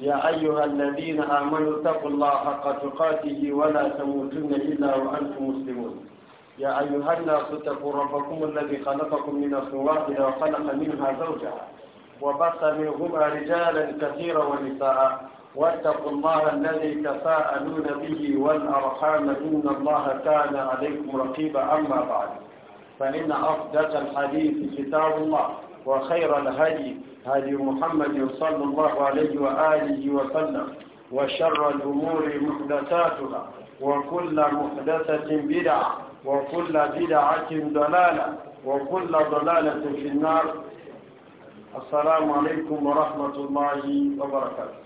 يا أيها الذين آمنوا اتقوا الله حق تقاته ولا تموتن إلا وأنتم مسلمون يا أيها الناس اتقوا ربكم الذي خلقكم من الصواب وخلق منها زوجها وبث منهما رجالا كثيرا ونساء واتقوا الله الذي تساءلون به والأرحام إن الله كان عليكم رقيبا أما بعد فإن أفضل الحديث كتاب الله وخير الهدي هدي محمد صلى الله عليه وآله وسلم وشر الأمور محدثاتها وكل محدثة بدعة وكل بدعة ضلالة وكل ضلالة في النار السلام عليكم ورحمة الله وبركاته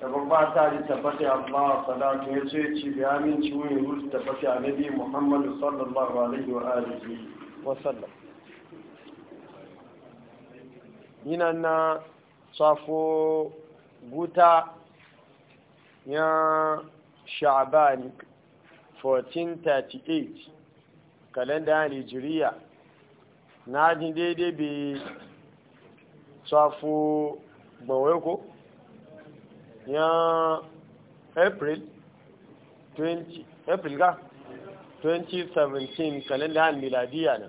tabba ta ji tabbata Allah salatu ya ce ci bi amin ci wuyin rusu tabbata a nabi yina na safo guta ya sha'ban 1438 kalenda nigeria na jin daidai bi safo gbawaiko ya april 20 april ga 2017 kalenda miladiya na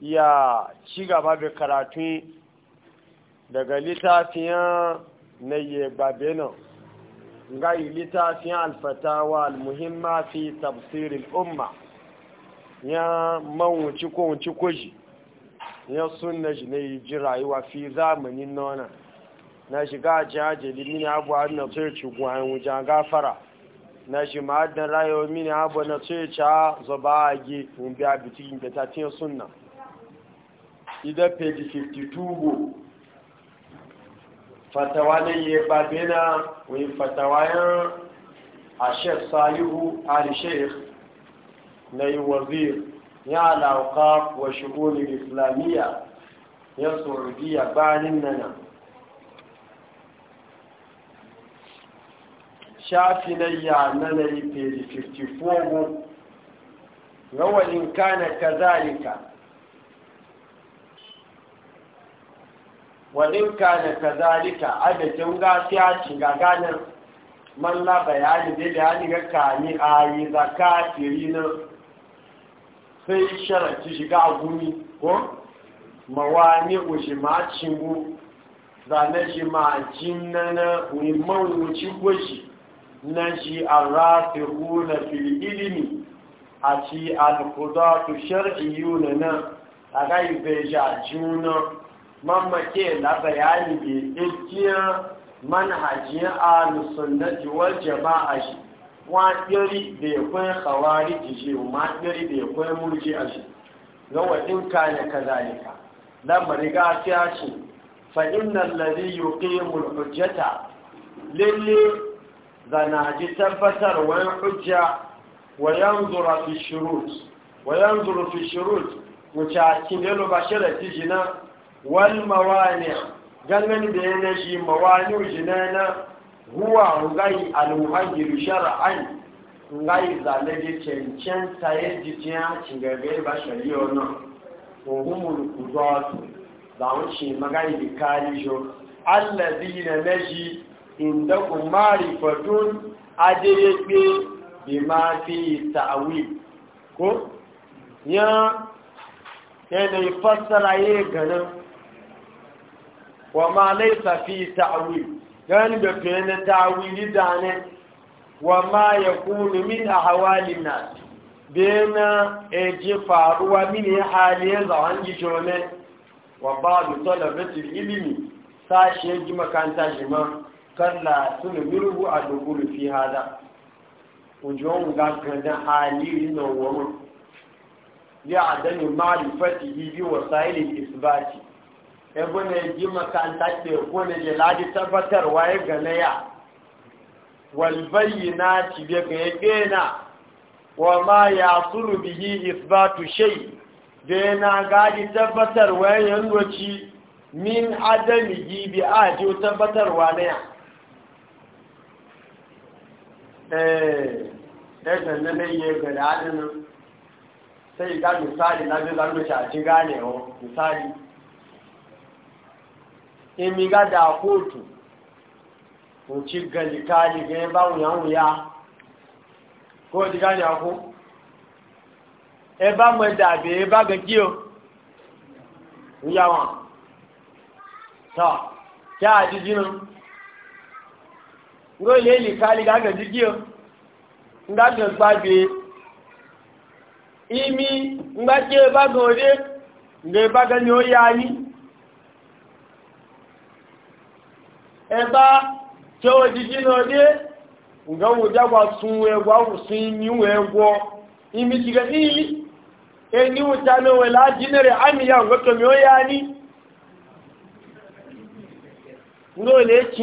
ya ci gaba da karatu daga littafiyan na yebabena ga yi littafiyan alfatawa almuhimma fi tafsirin umma ya mawuci kowunci kuji ya suna ji na yi ji rayuwa fi zamanin nona na shiga jajeli mini abuwa na turci gwayen wujan gafara na shi ma'adin rayuwa mini abuwa na turci a zaba a gi biya bitikin betatin suna ida page 52 go fatawa ne ya babe na wani fatawa yan a shek salihu ali sheikh na yi wazir ya alaƙa wa shughul al islamiyya ya saudiya bayanin nana shafi na ya nanari page 54 go rawanin kana kazalika wadin ka da kazalika adadin gafiya shiga ganin man bayani da bayani ga kani zaka firi na sai sharaci shiga gumi ko mawani ushi ma cingu zane shi ma jinnana wimman wuci gwashi na shi rafi hula fili ilimi a ci alkudatu shar'iyyu na nan a yi shi a juna mamake na bayani ke ikiyar manhajiyar alusunnati wal jama'a shi wa yari da ya kwaye kawari jishe waɗiri da ya kwaye murji a shi ga waɗin kazalika ka zalika ta shi fa fa'innan lari yuqimu al hujjata lalle zanaji tabbatar wa hujja wa yanzura fi shurut wa yanzura fi shurut wuce a kinelo ba tijina wal mawani gangan da yana shi mawani jinana huwa ngai al-muhajiru shar'an ngai zalaje cencen taye jijiya cingabe ba shari'o no ko humul qudatu da wuce magai da kali jo alladina naji inda kumari fatun adeyebe bi ma fi ta'wil ko ya yana fassara yi ganin wa ma laisa fi ta'wil yani da fene ta'wili dane wa ma yakunu min ahwali nas bena eje faruwa min e haliye zawan jone wa ba'd talabati ilmi sashe ji makanta shi ma kalla tunmiru adukulu fi hada ujon ga ganda hali no woman ya adani ma'rifatihi bi wasailil isbati ebe na yi makanta ke kone je ladi tabbatarwa ya gane ya walbayi na cibe ga ya gena wa ma ya suru bihi isbatu shai da yana gadi tabbatarwa ya yandoci min adami gibi a ji tabbatar wa ne eh ɗaya na yi ga da sai ga misali na zai zarmace a ci ganewa misali emi ga da kotu ko ci galikali ga ba wuya wuya ko di ga ya ko e ba mo da be e ba ga ki o wuya wa ta ta ji jinu ro le li kali ga ga ji ki nga ga gba be imi nga ti e ba ga ore nga e ni o ya ẹgbá tí ó jíjí náà dé ǹkan wò jágbà sun ẹgbà wò sí níwẹ̀ ẹgbọ́ imi ti gẹ̀ ní ilé ẹni wò náà wẹ̀ láti nẹ̀rẹ̀ àmìyà ǹgọ́tọ̀mí ó yá ní náà lè kí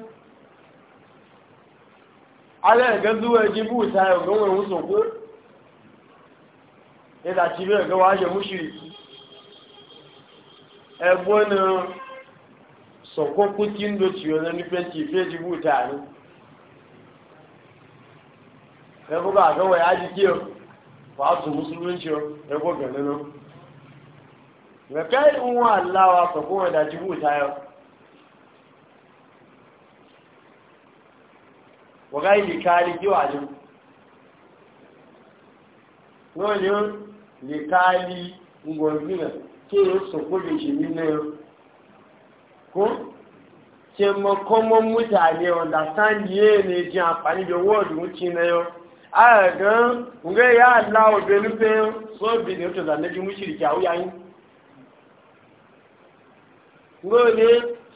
ala ga zuwa jibu ta yau ga wani musu ko ya da ci bai ga waje mushiriki ẹgbọ́n sọ̀kọ́ kú tí ń dòtí ọ̀nà ní pẹ́ntì fẹ́ jibu ta ni ẹgbọ́n bá àgbẹ̀wẹ̀ á di kí ọ wà á tún musulmi ṣe ọ ẹgbọ́n gẹ̀lẹ́ náà rẹ̀kẹ́ ìwọ̀n aláwa sọ̀kọ́ wọn da jibu ta yau wọ́gáyìí kárí kí wà ní wọ́n ni lè kárí ngọ̀gbìnà kí è sọ̀kó lè ṣe nínú ẹ̀rọ kó ṣe mọ́kọ́mọ́ mútàlẹ̀ ọ̀dàsáńdì yẹ́ ní jẹ́ àǹfààní bí owó ọ̀dùn ti ní ẹ̀rọ ààrẹ̀gán ngẹ́ yà lá òbẹ̀ nípẹ́ sọ́ọ̀bì ní ọ̀tọ̀ ìdánilẹ́jú mú ṣìrìkì àwúyá yín ngọ́ ni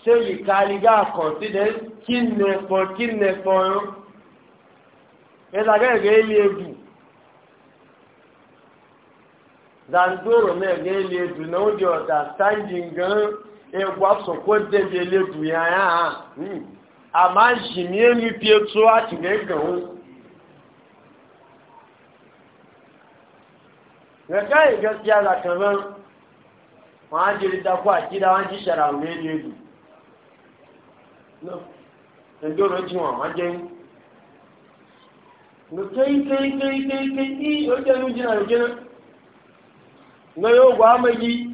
ṣe lè kárí gá àkọ̀sílẹ̀ kí nẹ̀pọ̀ kí nẹ̀pọ̀ ẹ̀rọ ezagage eli edu zandoro na ga eli edu na o di understanding gan egwa sokwo deje eli edu ya ya ha hmm. a ma ń ṣì ní èmi fi ètò àtìlẹ́gàn ó rẹ̀ká ìgbẹ́ sí alàkànrẹ́ wọ́n á jẹ́ ìdákọ́ àjídá wọ́n jí ṣàrà òun lé ní èdè ẹ̀dọ́rọ̀ jí wọ́n wọ́n jẹ́ yìí nukaiikaiikaikai ike nujina nujina na yau gwa magi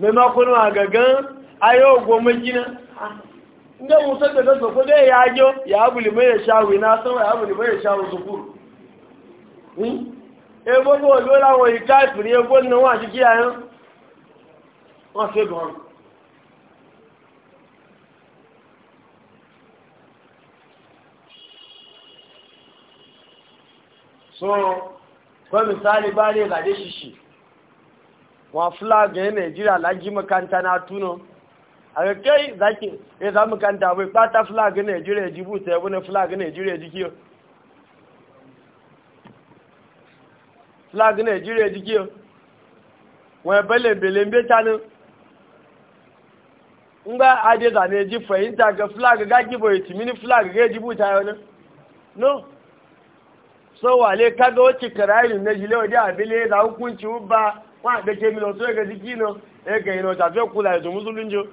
na agagan a yau gwa magina inda wutar da gasa kudu ya yagyo ya abu limai ya shawi na sama ya abu limai ya shawi sukuru ebo ko lola wọn ikaifiri ebo nna wọn àti so kwa misali ba ne zaɗe shi shi wa flag ya e nigeria laji makanta na tuno a kai zaki ya za e kanta, bai ɓata flag ya e nigeria ya jibu ta yabi na flag ya nigeria ya jikiyo flag ya nigeria ya jikiyo wani belembelen betanin ngba adeza na ji fahimta ga flag ga gibo itimini flag ga ejibu ta yau no so wale kaga wacce kirayi na jile waje abile da hukunci ba wa da ke milo so ga jiki no e ga ino ta fe kula yanzu musulunjo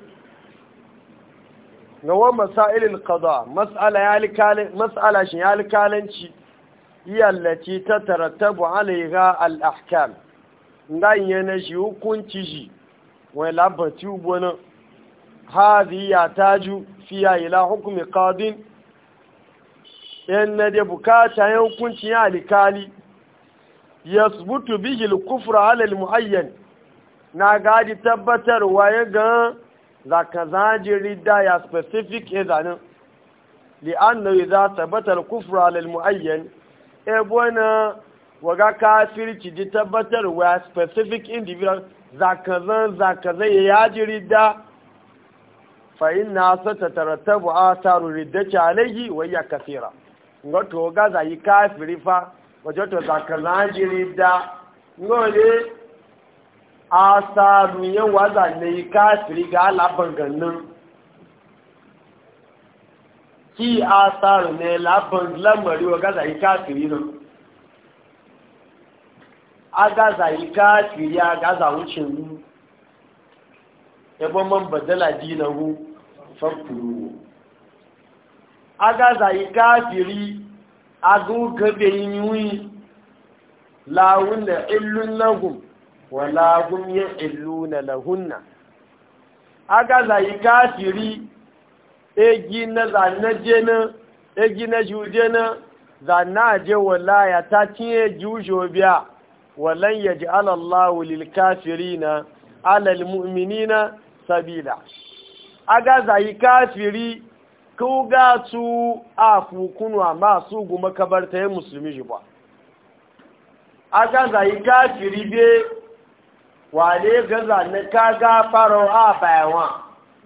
na wa masailil qada mas'ala ya alkal mas'ala shin ya alkalanci yallati tatarattabu alaiha al ahkam ndan yana shi hukunci shi wai labati ubona ya taju fiya ila hukmi qadin in na bukata bukata yankuncin ya alikali ya subutu bihil kufra alal muayyan na gadi tabbatarwa ya ga zakazaji rida ya specific ya zanen li'anna idza tabbata al-kufru 'ala al-mu'ayyan e bona waga kafirci ji tabbatar wa specific individual zakazan zakazan ya ji ridda fa inna satarattabu atharu riddati alayhi wa hiya kathira nga to gaza yi kafiri fa wajen to zakaran jiri da ngole a sami yan waza ne yi kafiri ga alaban ganin ki a sami ne laban lamari wa gaza yi kafiri nan a gaza yi kafiri a gaza wucin ru yabon man badala dinahu fakuru agaza yi kafiri agunka bayin yi lawun da illun lagun wala gun ya illuna lahunna agaza yi kafiri egi na zanaje na egi na juje na zanaje wala ya ta cinye jujo biya walan ya ji alallahu lilkafiri na alalmu'minina sabila agaza yi kafiri ga su a fukunwa masu goma ta yin musulmi shi ba a gaza yi kafiri be wale gaza na kaga faro a bayanwa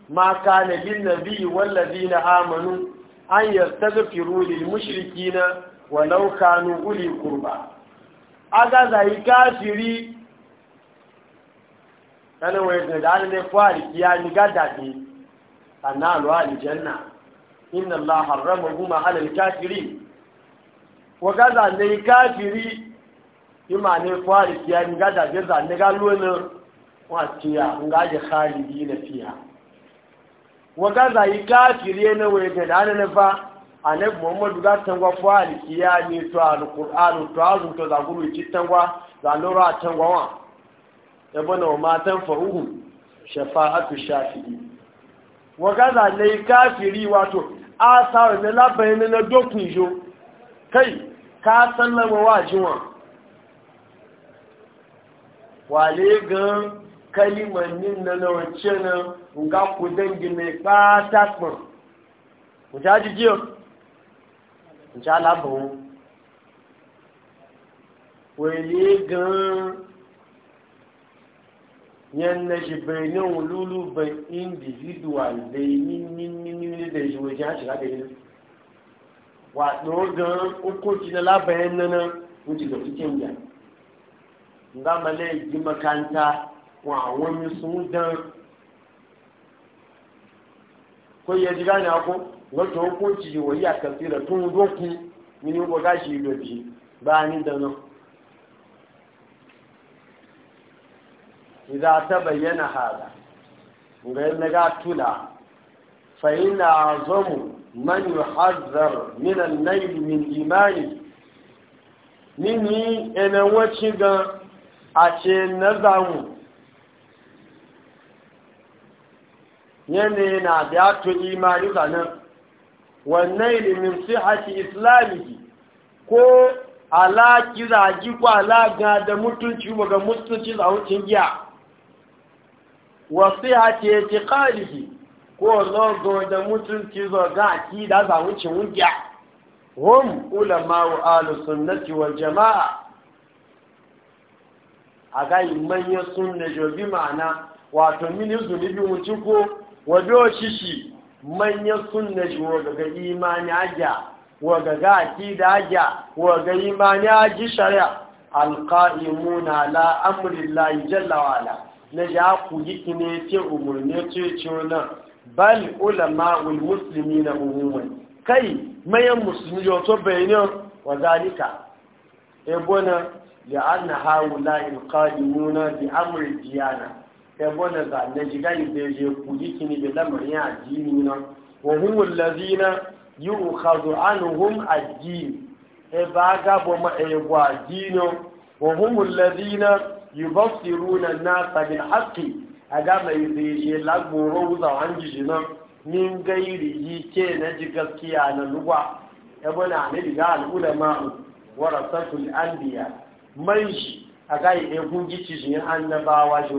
maka na bin nabi wallazi na amanu an yarta zafi firuli mashirki na walau kanu uli kurba a gaza yi kafiri ɗanawai da ɗanawai kwari ya ni gada ne a na alwa inna Allah harrama huma alal kafiri wa gaza ne kafiri ima ne fari ya ni gaza je za ne galo ne wa tiya nga je khalidi na fiya wa gaza yi kafiri ne we da dana na fa annabi Muhammad ga tangwa fari ya ni to alquran to azun to za guru ci tangwa za lura tangwa wa yabo na ma tan fa'uhum shafa'atu shafi'i wagaza na kafiri wato asa sawa da labarin na dokin kai ka sallama wa jiwa wale gan kalimannin na nawance na ga ku wale gan yana shi benin lulu ban individual da yi nininini da shi wajen haci da yi wa ɗogon hukunci na labayan nan wuce da cikin ya nga male yi makanta wa wani sun dan ko ya ji gane ako wata hukunci wa yi a kasira tun doku mini ko gashi yi dobi ba ni da nan idza bayyana hada ngai naga tula fa inna azamu man yuhadhar min an-nayl min imani nini ene wachi ga a ce nazamu yene na da to imani sanan wannan ilimin sihati islamiki ko ala kira ji ko ala ga da mutunci ga mutunci a cin giya wasihati itiqadihi ko logo da mutunci zo ga da za wuce wuya hum ulama wa ahlu sunnati wal jamaa aga imanya sunna jo bi ma'ana wato mini zunubi wuce ko wado shishi manya sunna jo ga imani aja wa ga ga da aja wa ga imani aji shari'a alqa'imuna la amrillahi jalla wa ala na ya kuyi kine ce umarni ce ce na bal ulama ul muslimi na umuman kai mayan musulmi yau to bayanin wa zalika ebona ya anna haula in qadimuna bi amri diyana ebona za na jiga ibe je kuyi kine bi lamarin addini na wa hum allazina yu'khadhu anhum ad-din e ba ga bo ma e wa dino wa hum allazina yubassiruna nasa bil haqqi aga mai zai je lagboro za an ji min gairi yi ke na ji gaskiya na lugwa ya bana ne daga al'ulama warasatul anbiya man shi aga yi egun gici shi annabawa shi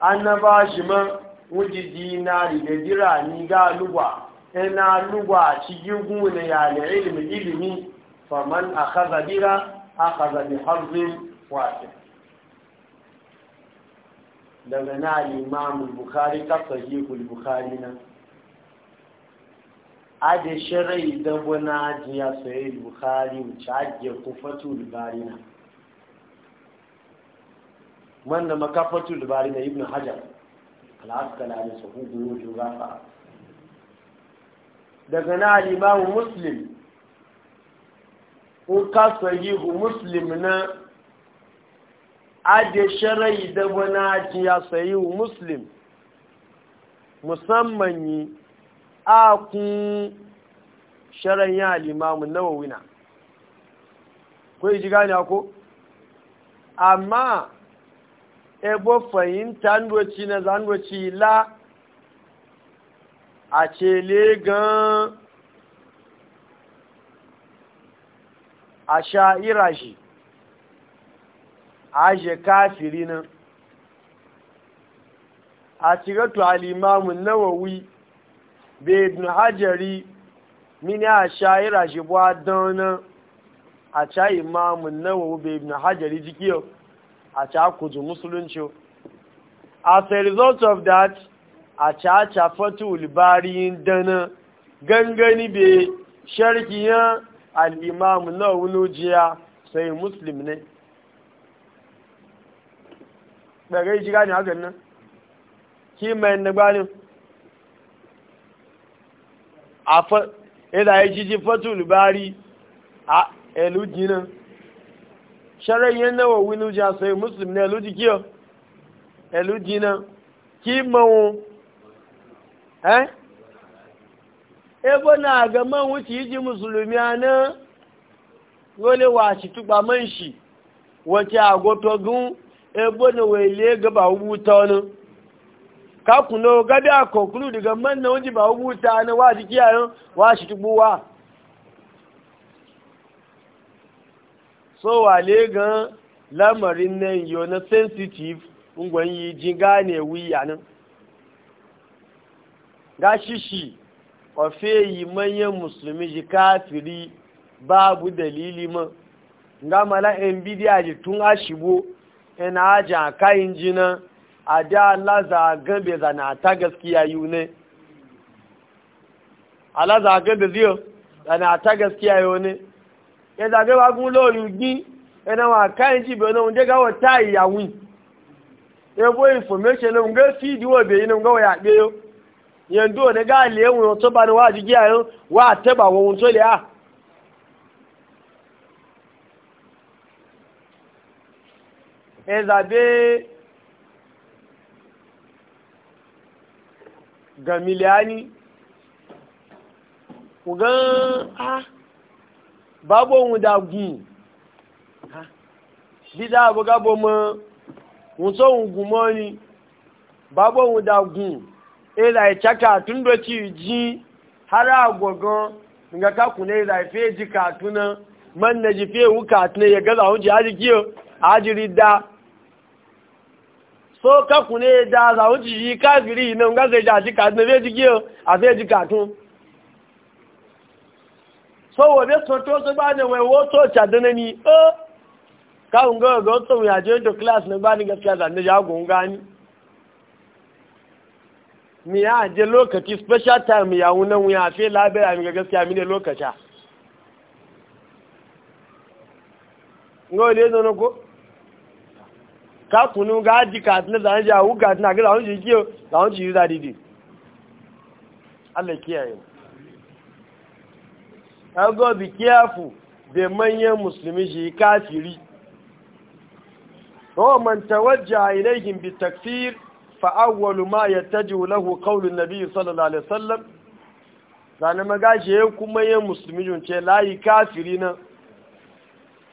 annabawa shi man wuji dinari da jira ni ga lugwa ina lugwa ci gigu ne ya da ilimi ilimi faman akhadha bira akhadha bi hazzin wahid daga na limamun bukari ta sahihul bukari nan da shirai da guna jiya sahihul bukari wuce ajiye kufatul bari nan wanda makafatul bari na ibn hajar al'askala da su hudu yau gafa daga na limamun muslim ko ka sahihu muslim na ajiye sharai da wani ya sayi muslim musamman yi a kun sharai ya limamun nawa wina yi ji gani ako amma ebo fahimta ndoci na zandoci la a cele gan a sha'ira shi aje kafiri nan a cigatu alimamun nawawi be ibn hajjari mini a sha'ira shi buwa don a ca imamun nawawi be ibn hajjari jikiyo a ca kuzu musulunci as a result of that a ca ca fatul bariyin dana gangani sharki sharkiyan al'imamun nawawi nujiya sai muslim ne daga shi gane hakan nan shi mai na gbanin a fa ila ya ji fatul bari a eluji nan sharai yan nawa winu ja sai muslim ne eluji kiyo eluji nan ki mawo eh na ga man wuce yi musulmi ana dole wa shi tuba man shi wace agotogun ebe na wele ga ba wuta wani ka kuno gabi a konkulu daga manna waje ba wuta na wa jiki yayin wa shi wa so wale gan lamarin na yo na sensitive ngwan yi ji gane wiya nan ga shishi ofe yi manyan musulmi ji kafiri babu dalili ma ga mala'in bidiya ji tun ashibo ina aja kayin jina a da alaza gabe zana ta gaskiya yi ne alaza laza gabe ziyo zana ta gaskiya yi ne ya zage wa gun lori gbi ina wa kayin ji bai nan daga wata iyawi ya bo information na ga fidi wa bai nan ga ya yaɗe yau yanzu wani ga aliyu wani to ba ni wa jigiya yau wa taba wa wunto le ha. ezabe ga miliyani kugan a babu ohun dagun dídá àbúgábọ̀ mọ́ ohun tó ohun gùn mọ́ ni babu ohun dagun ẹ̀rà e ìchaka e àtúndọ̀tí jí hara agwọ̀gan nga kakunan e ẹ̀rà ìfẹ́ jí kàtúnà mọ́nà jí fẹ́ ewu kàtúnà yẹ gẹ́gẹ́ àwọn ji àjíkí àjírí dáa so kakune da za wuce yi kafiri nan ga zai jaji ka na zai jike a zai ji katun so wabe soto su ba ne wai wato cadana ni o oh, kawun ga ga wato ya je to class na bani gaskiya zanne jagon gani mi ya je lokaci special time ya wunan wuya fe labira mi ga gaskiya mi ne lokaci ngole zo ko ka kunu ga ji ka tun da ja wu ga tun ga zawon ji da zawon ji yuza didi Allah kiyaye ka go be da manyan musulmi shi kafiri wa man tawajja ilayhim bi takfir fa awwalu ma yattaju lahu qawlu an-nabi sallallahu alaihi wasallam zane magashe kuma yin musulmi junce layi kafiri na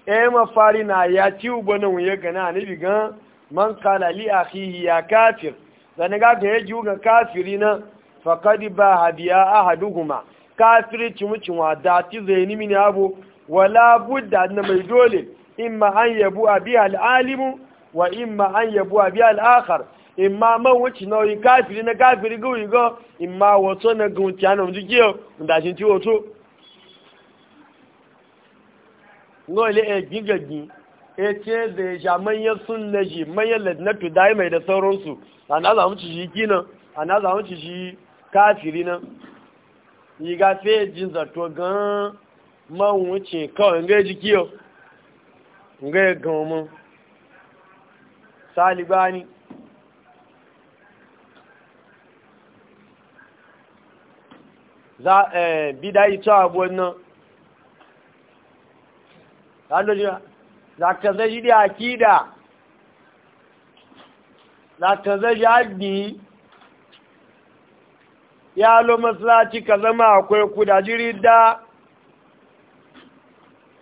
e mafari na ya ci ubanan nan ya gana ne bi gan man kala li akhihi ya kafir dan ga ga yaji ga kafiri na faqad ba hadiya ahaduhuma kafiri cimucin wa da ti zaini mini abu wala budda na mai dole imma an yabu abi al alim wa imma an yabu abi al akhar imma man wuce nauyi kafiri na kafiri gwi go imma wato na gunti ana mu jiyo da shin ti wato le e gigagin ya ce da ya sha manyan sun na shi manyan ladinatu dai mai da sauransu a na zamu ci shi kina a na zamu ci shi kafiri nan yi gafe jin zato gan man wuce kawai ga ji kiyo ga gama mun salibani za eh bidayi ta abuwan nan zaka zai ji akida zaka zai ji agbi ya lo masalaci ka zama akwai jiri da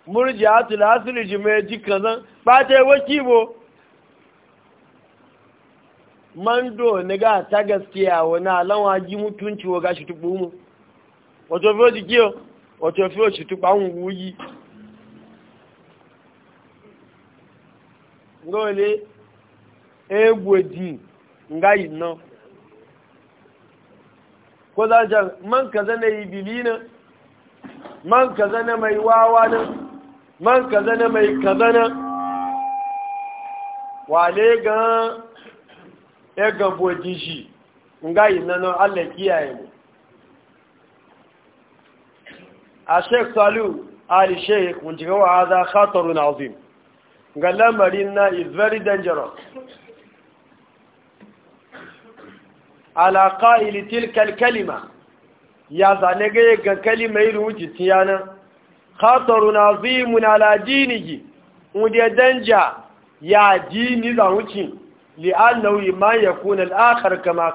murjiatu lasiri jime ji kazan ba ta yi wakibo mando ni ga ta gaskiya wani alawa ji mutunci wa gashi tubu mu wato fiye jikiyo wato fiye shi tubu an wuyi ngole egwedi ngai no ko za jan man kaza na ibili na man kaza na mai wawa na man kaza na mai kazana na wale gan e ga boji shi ngai na no Allah kiyaye mu a Sheikh Salu Ali Sheikh mun jiga wa hadha khatarun azim ga lamarin na is very dangerous alaƙa ilitil kalkalima ya zane gaya ga kalima irin wuce tiyana khataru na zimun aladinigi wuje danja ya dini za wuce li'annahu imma yakuna al-akhar kama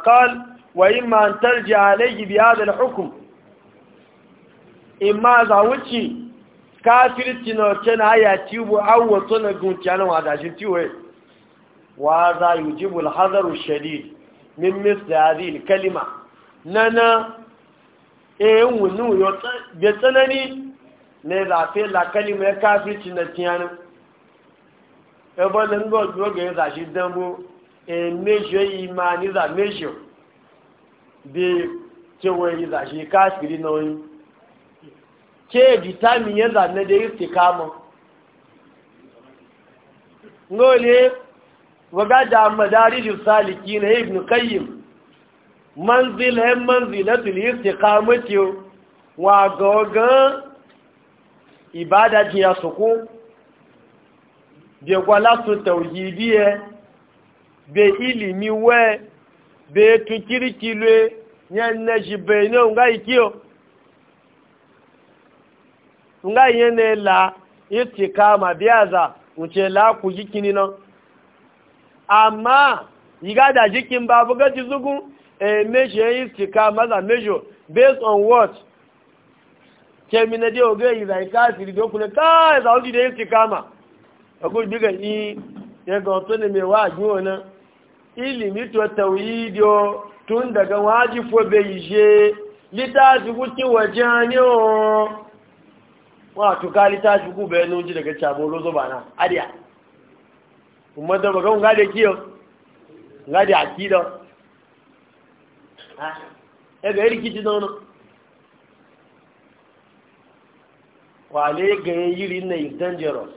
wa yi an tarji alayhi bi hadha za wuce kafirci na wace na haya ciwo an wato na gunciya na ti wai? wa za yi jibul hazaru shadid min mista hadin kalima na na eyin wunin ya tsanani na zafe la kalima ya kafirci na tiyanin ebonin gojo ga ya zashi dambo e mejo imani za mejo bi tewoyi zashi kafiri na wani ke vitamin ya zane da yake kama ngole waga da madarij salikin ibn qayyim manzil hem manzilatul istiqamati wa goga ibada ti asoko de kwala su tauhidiye be ilimi we be tukirikilwe nyanna jibe ne ngai kiyo nga yene la itikama biyaza wuce la ku jikini nan amma yiga da jikin babu gaji zugu e meje itikama za mejo based on what kemina e, de oge yiza ikasiri do kule kai za oji de itikama akwai biga yi ya e ga wato ne mai wajen wani ilimi to e tauyidiyo tun daga wajifo bai yi je littafi wuce wajen yau wato kali ta shi ku ya nunci daga cabolo zuba na adiya kuma da bakan ga da kiyo ga da akida ha ebe erikiti rikici nono wale ga yiri na is dangerous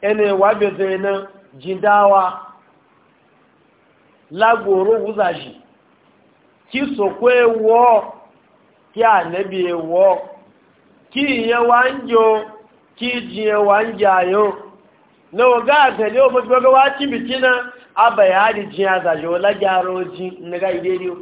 ene wa be zai na jindawa lagoro wuzashi ki kwe wo ki anabi e wo kí ìyẹn wá ń jò kí ìjìyẹn wá ń jà yóò na oga àtẹ̀lé o fún gbogbo wá tí bìtí náà abẹ̀yà àdìjìn àzàjò lájára ojì nígbà ilé rí o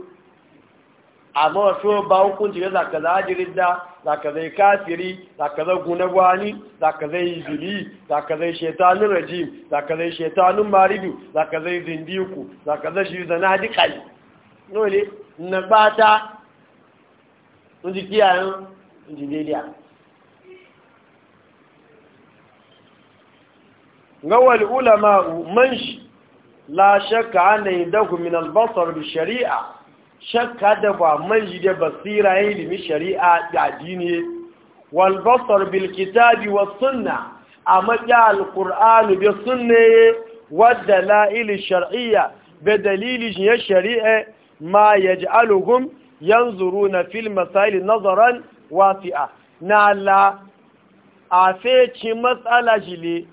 àmọ́ tó bá ókún jìrẹ́ zàkàzà ájìrídá zàkàzà káàkiri zàkàzà gúnagwani zàkàzà ìbìlì zàkàzà ìṣẹ̀tánú rajim zàkàzà ìṣẹ̀tánú maridu zàkàzà ìzìndíkù zàkàzà ṣìzànà àdìkàlì lóòlé nàgbáta ń di kí àrùn ìdílé gawal ulama man shi la shakka an yi dahu min albasar bi shari'a shakka da ba man shi da basira ya ilimi shari'a da dini walbasar bil kitabi wa sunna a maƙi alƙur'anu bi sunne wadda la'ili shar'iyya bi dalili ya shari'a ma ya ji aluhun yanzuru na fil masali nazaran wasi'a na la a feci matsala jile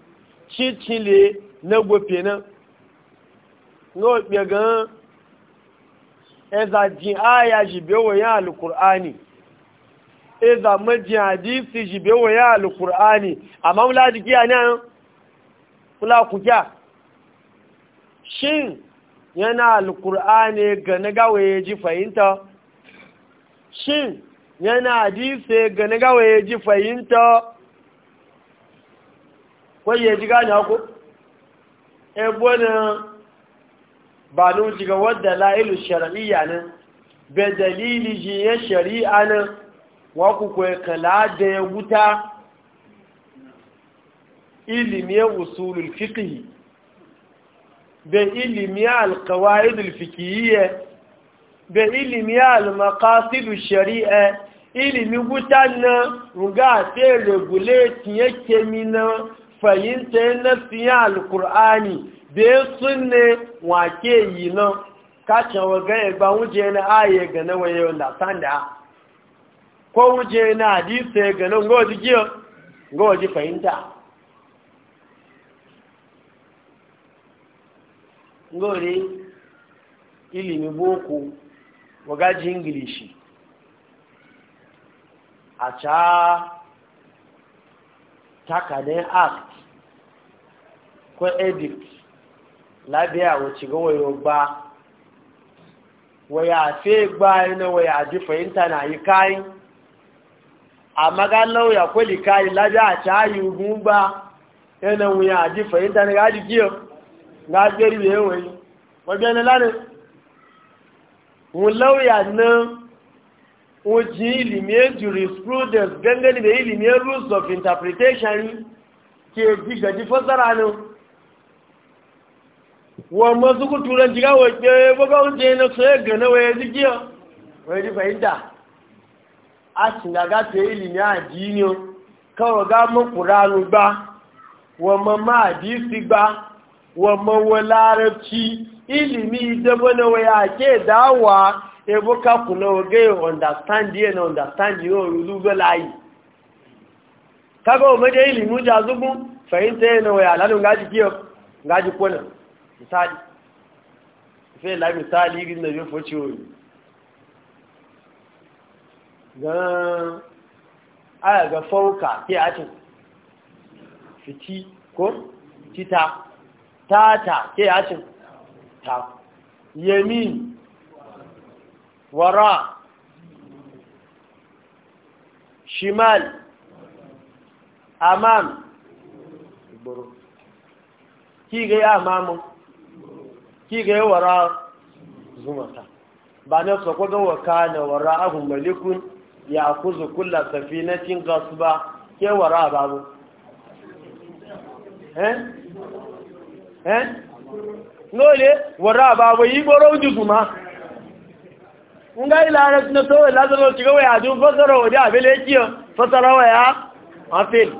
cicile na gofe nan na wabe gan jin aya jibewa ya alkur'ani eza majin hadisi jibewa ya alkur'ani amma mula jikiya nan kula kukya shin yana alkur'ani ga na gawa ya ji fahimta shin yana hadisi ga na gawa ya ji fahimta kwaye ji gani haku ebonin ba nun jiga wadda la'ilu shari'a nan be dalili jiye shari'a nan waku kwaye kala da ya wuta ilimiyar usulul fiqhi be ilimiyar alkawaidul fikiyye be ilimiyar almakasidul shari'a ilimin wuta nan ruga te regulate yake mi nan fahimta nafsiya alkur'ani da ya sunne wake yi nan kacin wagaya ba wuje na aye gane na waye wanda sanda ko wuje na hadisa ga nan goji giyo goji fahimta gore ilimi boko wagaji ingilishi a caa takardar act ko edict labiya wacce ga wayo ba waya fe gba na waya ji fahimta na yi kayi a magalau ya kwali kayi labia ta yi gun ba yana wuya ji fahimta na gaji kiyo ga gari da yawon yi na lalata wun lauya na. oji ilimiyar jurisprudence gangan da ilimiyar e rules of interpretation ke gigaji fasara e e ne wa masu kuturan jiga wa ke baka wuce na soye gane wa ya wa ya fahimta a sinaga ta ilimiyar adini kawo gamun kuranu ba wa mamma adisi ba wa mawalarci ilimi dabo na waya ke dawa ebo kapu na oge understand ye na understand ye orulu gbelayi kaga omede ilimu jazugun fahimta yana waya lalun gaji kiyo gaji na misali fe la misali irin na yofo ciwoyi gan aya ga fauka ke atin fiti ko tita tata ke atin ta yemi wara shimal amam gboro kí gẹ́ amamu kí gẹ́ wara zumata ba na sọ kwagon waka na wara ahun malikun ya kuzu kula safinacin gasu ba ke wara babu eh eh wara babu yi gboro juzuma nga ila rasu na sauwa lazaro shiga waya ajin fasara waje abin da yake fasara waya mafil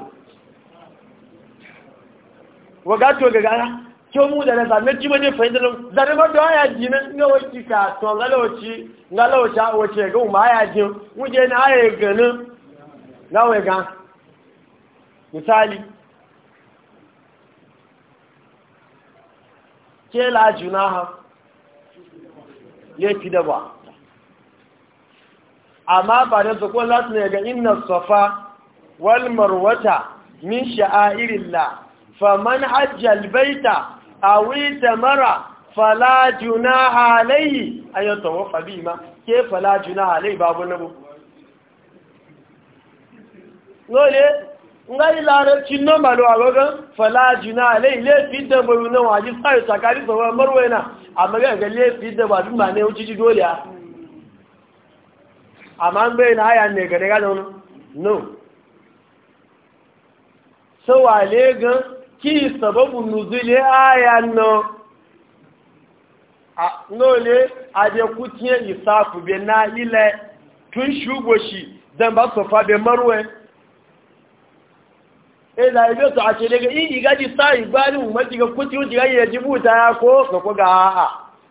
wagato ga gara kyo mu da nasa na ci maje fahimtar zane ba da waya ji na nga wace ka to nga lawaci wacce lawaci wace ga umar ya ji wuje na aya ganin na waya ga misali ke la na ha laifi da ba amma ba da su kun lati ne ga inna safa wal marwata min sha'airillah faman hajja albaita aw tamara fala junaha alayhi ayata wa ma ke fala junaha alayhi babu nabu lole ngai larabci noma lo agogan fala juna lai laifin da bai nuna wajen tsari tsakari tsawon marwai na amma ga laifin da ba duk ma ne wuce ji dole a amma bai na haya ne ga daga wani no sawale ga ki sababu nuzuli aya no a nole aje kutiye isafu be na ile tun shugo shi dan ba so fa be marwe e da ibe to a ce daga in igaji sai gbani mu maji ga kutiyo diga ya jibuta ko ko ga a'a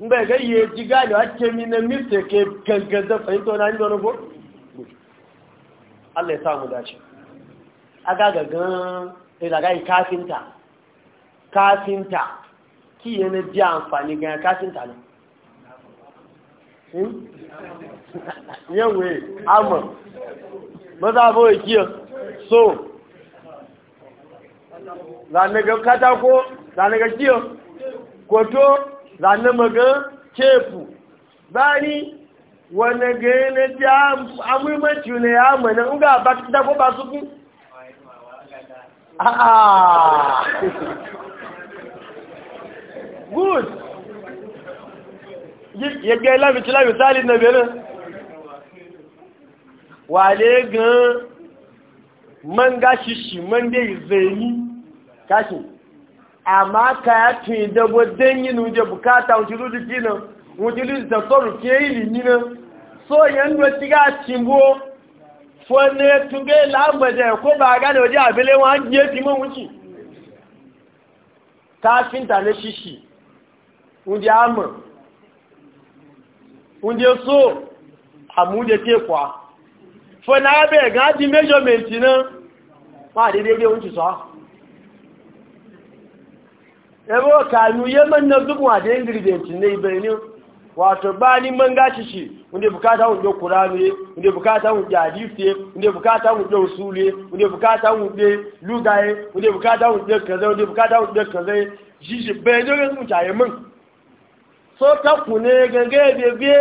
mbe ga ye ji gani a ce mi na miste ke gaggaza fahimta wani hanyar ko Allah ya samu dace a gagagan ilagayi kafinta kafinta ki yana ji amfani gani kafinta ne yawon amur maza bawai kiyar so zane katako zane ga kiyar zane maga kefu bani wane gaya na ti amurmaci ne ya mana in ga ba ta ko ba su ku good yagbe lamici lami sali na benin wale gan man gashi shi man dai zai yi kashin amma ka ya tuyi dabo don yin wuje bukata wuce rudu kinan wuce rudu da tsoro ke yi nan so yan duwa ti ga cimbo fone tun lambaje ko ba waje abile wa ti mun wuce ta finta na shishi wuje ama wuje so amuje te kwa fone abe ga di measurement nan ma dede wuce ebo kanu yaman na zubuwa da ingredients ne bai benin wato bani man gashi shi wanda bukata mu kur'anu qur'ani wanda bukata mu da hadisi wanda bukata mu da usuli wanda bukata mu da lugaye wanda bukata mu da kaza wanda bukata mu da kaza jiji benin mu ta yaman so ta kune gange bebe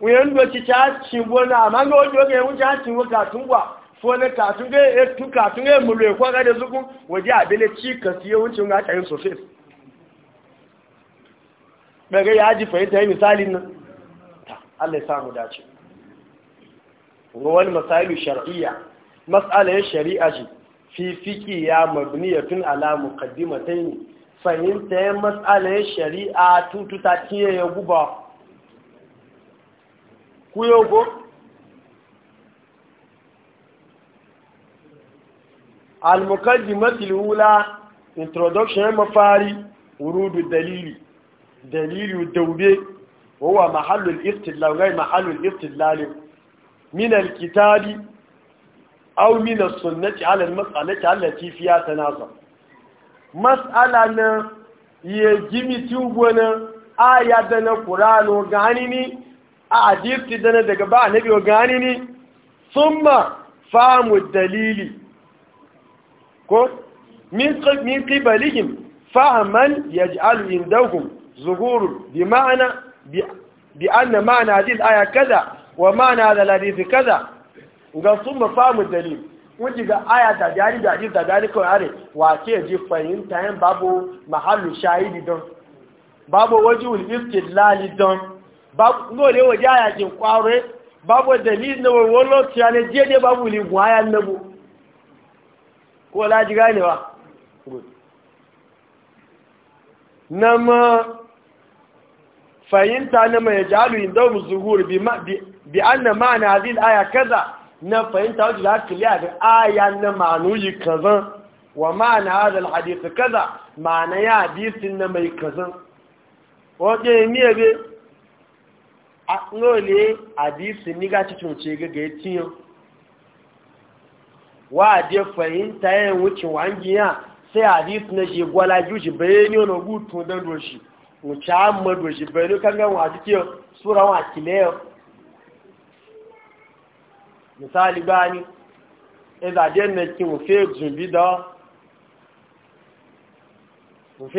wuyan do ci ta ci bona amma ga ojo ga mu ta ci waka tungwa fo na ka tunge e tuka tunge mu le kwa ga da zuku waje abele ci kasi yawancin ga tayin surface daga ya ji fahimta yi misalin nan Allah ya samu dace ga wani masailu shar'iyya mas'alar shari'a ji fi fiki ya kaddima ta yi fahimta ya mas'alar shari'a tututa tiye ya guba kuyogo al muqaddimatu al introduction mafari wurudu dalili دليل الدوبي هو محل الاستدلال غير محل الاستدلال من الكتاب أو من السنة على المسألة التي فيها تنازع مسألة يجمي توبنا آية دنا قرآن وغانيني أعديفت دنا دقباء نبي وغانيني ثم فهم الدليل من قبلهم فهما يجعل عندهم ظهور بمعنى بأن معنى هذه الآية كذا ومعنى هذا الحديث كذا وقال ثم فهم الدليل wọ́n ga aya tàbí da àdíta dárí kan ààrẹ wà tí èjì fẹ̀yìn tàyẹn bábo mahalu ṣáìdì dán bábo wọ́jú ìfẹ́ láàrí dán náà lè wọ́jẹ́ àyà jìn kwárẹ́ bábo dẹ̀lí náà wọ́n lọ tí a lè jẹ́ dé bábo lè gùn aya náà kó lájí gánewa na mọ́ fahimta na mai jalu inda mu zuhur bi ma ma'ana hadin aya kaza na fahimta wajen da liya da aya na ma'anoyi kazan wa ma'ana hadal hadisi kaza ma'ana ya hadisin na mai kazan wajen miye be a nole hadisi ni ga cikin ce gaga ya yi wa je fahimta yin wucin wangiya sai hadisi na shi gwala juji yi wani gutu don roshi wuce amadu shi bai kan gan wasu kiyo sura wa misali bani iza na ki mu zumbi da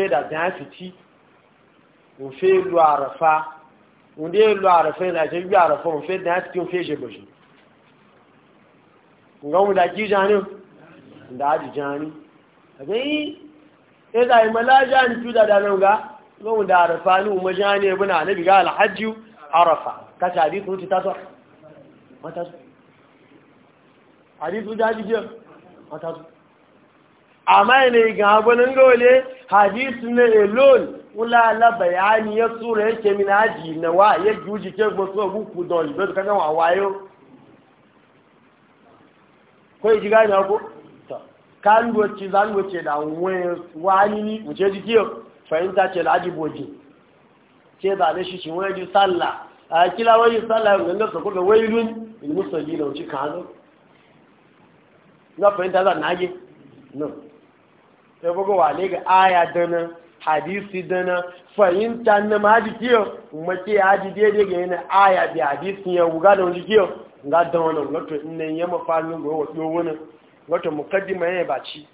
da zan fiti mu fe lu arafa mu de lu arafa na je bi arafa mu fe dan mu fe je da ji jani da ji ni da nan ga yau da arafa ni umar jihani ya buna na biga alhaji arafa ka ce hadithu wuce ta so mata su hadithu wuce hajjiyar mata su amma yana ga agwanin dole hadithu na elon wulala bayani ya tsura ya yake min haji na wa ya juji ke gbasu abubu don ibe ka a wayo ko yi gani ko ta kan goce zan goce da wani ni wuce jikiyo fahimta ce al'ajiboji ce ba ne shi shi wani ji tsalla a kila wani yi tsalla yau ganin su kuka wailun in soji da wuce ka hannu na fahimta za na yi no ya bugu ne ga aya dana hadisi dana fahimta na maji kiyo mace ya haji daidai ga yana aya da hadisi ya wuga da wani kiyo ga dan wani wato in nan ya mafanin ga wato wani wato mukaddima ya ba ci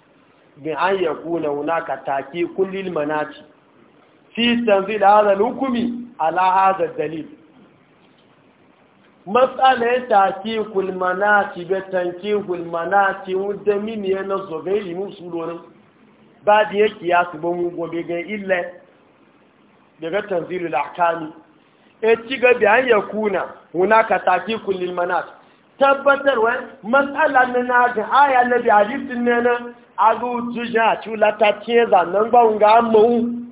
bi an ya kuna hunaka take kullil manaci fi tanzil hadha hukumi ala hadha dalil matsala ya take kulmanaci be tanke kulmanaci wanda mini ya na zobe limu sulorin ba da ya kiyasu ba mu gobe ga illa daga tanzilul ahkami e ci ga bi an ya kuna hunaka take kullil manaci tabbatarwa matsala na na ga aya na bi hadisin ne na agutu a chula ta tie za nan gba ga mu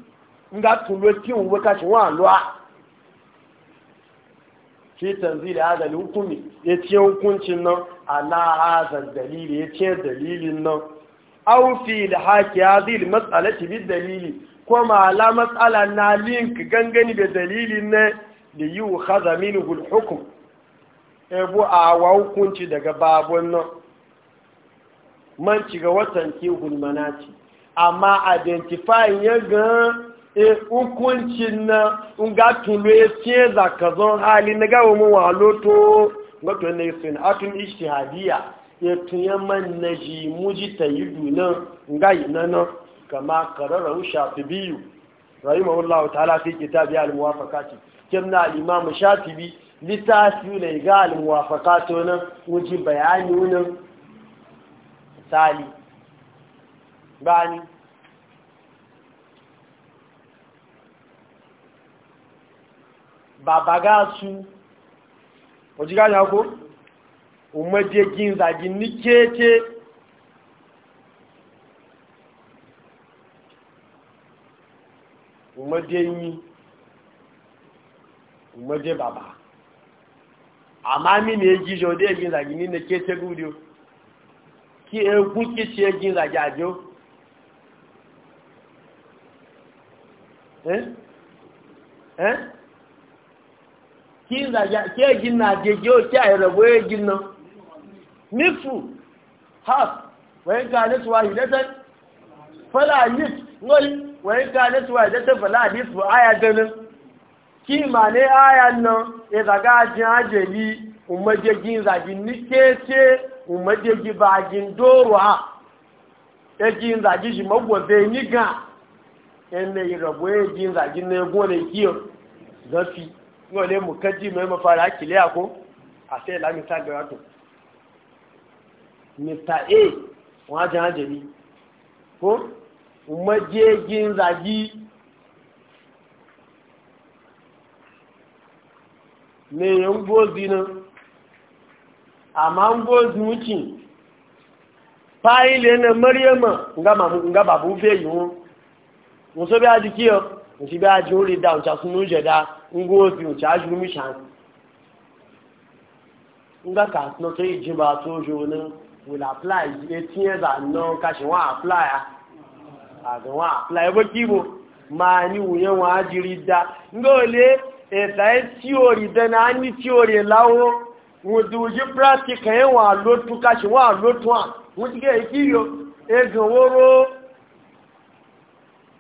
nga tulo ti wo ka shi wa lo shi tanzil hada hukumi ya ce hukuncin nan ala hada dalili ya ce dalilin nan aw fi haki hadi al mas'alati bi dalili kuma ala mas'ala na link gangani da dalilin ne da yu khadha minhu al hukm ebu a wa hukunci daga babun nan man ci ga watan ke ci amma identifying ya ga e hukuncin na nga tulo ya ce zakazon hali na gawo mun ga to wato ne sun atun ishtihadiya e, ya tuya man naji muji tayidu nan nga yi nan kama karara shafi biyu rahimahullahu ta'ala fi kitabi al-muwafaqati kimna al-imam shafi'i littafi ne ga almuwafaka to nan wuji bayani wunin misali bani bàbá gáàsù òjíká yàkó òmọdé gínzàgí ní kéèké òmọdé yí je bàbá àmá mímí ejíṣẹ́ ọdẹ́ ẹgbìn ìrìnàjì nínú kéṣẹ́gúdíò yi ẹgbùn kéṣẹ́ ẹgbìn ìrìnàjì àjò kí ẹgbìn àjèjì ó kí àìrẹ̀wọ́ ẹgbìn náà nífù half wẹ́n ká nítorí a fọ́lá àdíf kí ma ní àyà náà ìzàgá jẹ́ àjẹ̀lì umarjejì ìzàgí ní kéèkéé umarjejì bá jí ń dóòrò à ẹjì ìzàgí jì mọ́gbọ̀dẹ̀ nígà ẹnlẹ̀ ìrọ̀bọ̀ ẹjì ìzàgí ní fara a wọ́n á me yan gozi nan amma gozi wucin fáìlì ẹni mẹ́rìẹ́mà nga bàbá ń fẹ́ yìí wọn mo sọ bí a ọ mo sì bí a di orí da ọ̀chà sunu ìjẹ̀dá ngó òsì ọ̀chà aṣọ mi ṣàn. nga kà sọ tó ìjìnbà tó ṣe ọ náà wòlò apply etí ẹ̀ dà ná kàṣẹ wọn apply a àgbẹ̀ apply ẹ bó kí mo máa ní wòye wọn á di rí da nga ò lé ẹ̀sàí tíòrì dẹna a ní tíòrì láwọ́ wùdùjú pírátìkà yẹn wà lótú káṣí wà lótú à wọ́n ti gẹ́ ìkíyọ ẹgbẹ̀ wóró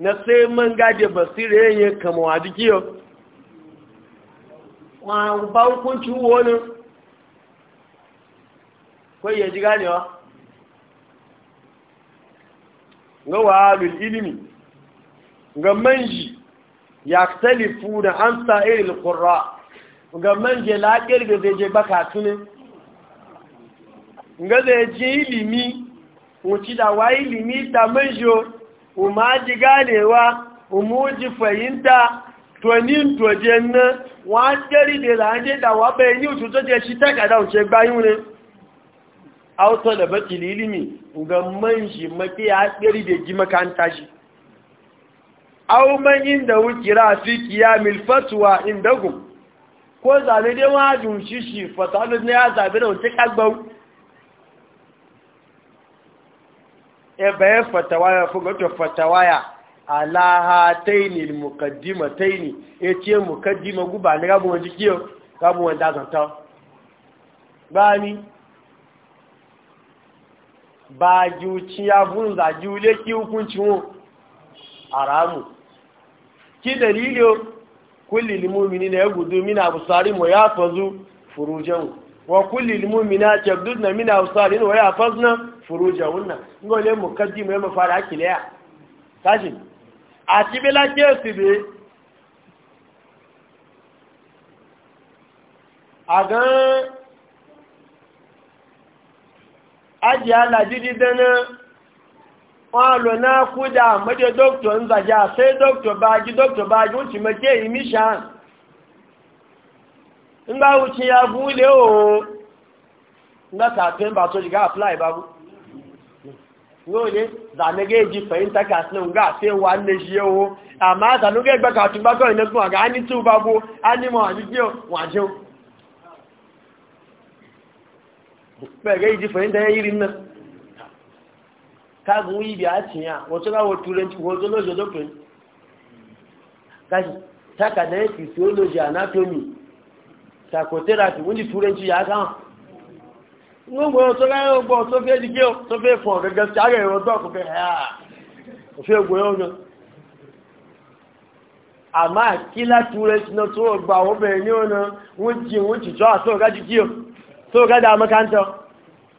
na ṣe mọ́ngádẹ bàṣírẹ̀ ẹ̀yẹ kàmọ̀ àdíkíyọ wọ́n bá ń ilimi ga manji yaktalifu da an sa'iril qurra ga manje lafiyar da zai je baka tunin ga zai je ilimi wuci da wa ilimi ta manjo umaji ganewa ji fahimta tonin toje na wa jari da zanje da wa bai ni ututo je shi ta kada wuce bayu ne auto da baki ilimi ga manji maki ya jari da ji makanta shi aw man inda wukira fi qiyamil fatwa indakum ko zabe dai wa dun shishi shi ne ya zabe da wuce kagbau e baye fatawa ya fuga to fatawa ya ala hatainil muqaddimataini e ce muqaddima guba ne gabu wanda kiyo gabu wanda zanta bani ba juci ya bunza jule ki hukuncin haramu ki dalilin kulli limumini na ya gudu mina busari mu ya fazu furujan wa kulli limumina jabdud na mina busari wa ya fazna furujan wannan mu kaji mu ya mafara akilaya tashi a tibila kesi be a gan ajiya lajidi dana ọlọ na kúdà mọ́jẹ́ dókítọ̀ ń zàjá sí dókítọ̀ bájí dókítọ̀ bájí ó ti mẹ́kẹ́ ìmíṣà ńgbà ya bú lé ooo ńgbà tàbí ń bà tó jìgá apply bá bú lóòdé zàmẹ́gẹ́ èjì fẹ̀yìn takà sí ǹgá àti ẹwà lè ṣe owó àmá àtàlógẹ́ gbẹ́kà tó gbákọ̀ ìnẹ́kùn àgá ní tí bá káàkùn wí ibi àtìyàn wọ́n tó káwọ́ turanci wọ́n tó lóṣe dókùn káṣí takàdá physiology anatomy psychotherapy wọ́n di turanci yà káwọn gbogbo tó káwọ́ gbọ́ tó fẹ́ di gé tó fẹ́ fọ̀ gẹ́gẹ́ tí ààrẹ ìrọ̀ dọ́kù fẹ́ hà òfin ògbò yóò yan àmà kílá turanci náà tó gbà wọ́n bẹ̀rẹ̀ ní ọ̀nà wọ́n jí wọ́n jìjọ́ àtọ́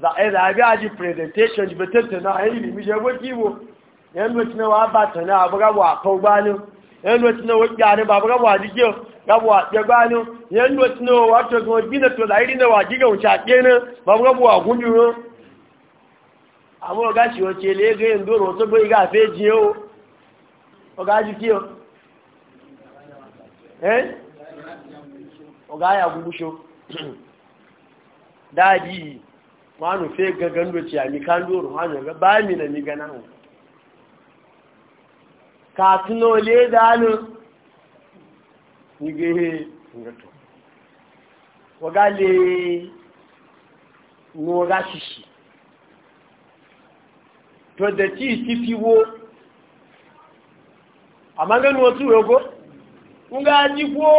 zaɓe a ji presentation ji batanta na hanyar ilimi shi yabo kibo yan lokaci na wa ba abu gabu a kau gbanin yan lokaci na wajen yare ba abu gabu a jikin gabu a ɗe gbanin yan na wato gama gina to da iri na wa giga wuce a ɗenin ba abu gabu a gumi ro amma ga shi wace le yin doro wasu bai ga fe ji yau o ga ji kiyo eh o ga ya wani fe ga gando ciya mi kan doro wani ga ba mi na mi gana hu ka tuno le da nu ni ge he ngato waga le nu waga shishi to da ti ti fiwo amma ga nu otu yogo nga ji ko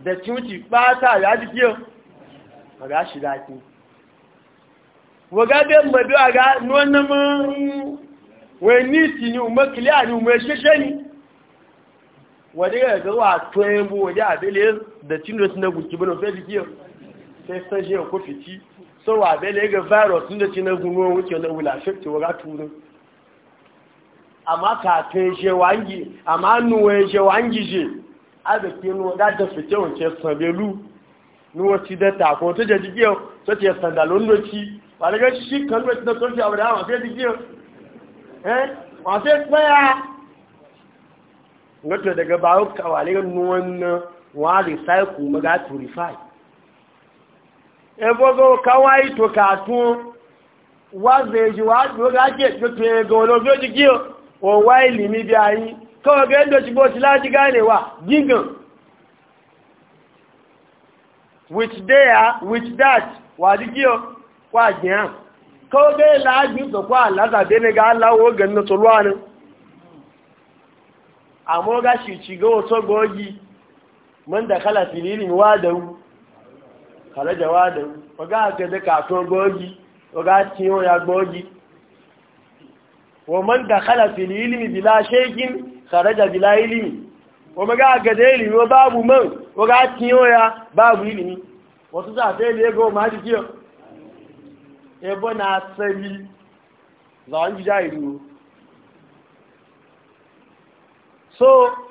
da ti wuci ba ta ya kiyo ga shi daki waga ben babi aga nwanne mu wani ti ni umma kiliya ni umma sheshe ni wani ga ga wa to yebo a bele da tindo sun da guki bano sai dikiyo sai san shi ko fiti so wa bele ga virus sun da tindo gunwo wuce na wula shekti waga turu amma ka tun she wangi amma nuwe she wangi she abe kinu da ta fite wance sabelu ni wọ́n ti dẹ́ta kan tó jẹ́ jíjẹ́ tó ti ẹ̀sàndà ló ń lò kí pàdégẹ́ sí kan ló ti tó ti àwọ̀dá àwọn àfẹ́ jíjẹ́ ẹ́ wọ́n àfẹ́ pẹ́ ya wọ́n tó dẹ̀gẹ́ bá ó kàwà lé nu wọn ná wọ́n á rìsáìkù mẹ́gà tó rìfáì ẹgbọ́gbọ́ káwá ètò kàtún wá zèjì wá lóga jẹ́ tó ti ẹgbẹ́ olóògbé jíjẹ́ wọ́n wá which they are which that wa dikio kwa gian ko be la ju to kwa la da be ne ga la wo gan no tulu anu amo ga shi chi go to go gi mun da kala filili mi wa da kala da wa da wa ga ke da ka to go gi wa ga ti o ya go gi wa man da kala filili mi bila shekin kharaja bila ilimi. wọ́n ga gẹ̀dẹ̀ ìlìmí wọ́n báàbù mọ́ wọ́n ga tí ó ya báàbù ìlìmí wọ́n tó sáfẹ́ ilé ẹgbẹ́ ọmọ àjíjí ọ̀ ẹbọ́ na sẹ́lì lọ́yíjá ìlú so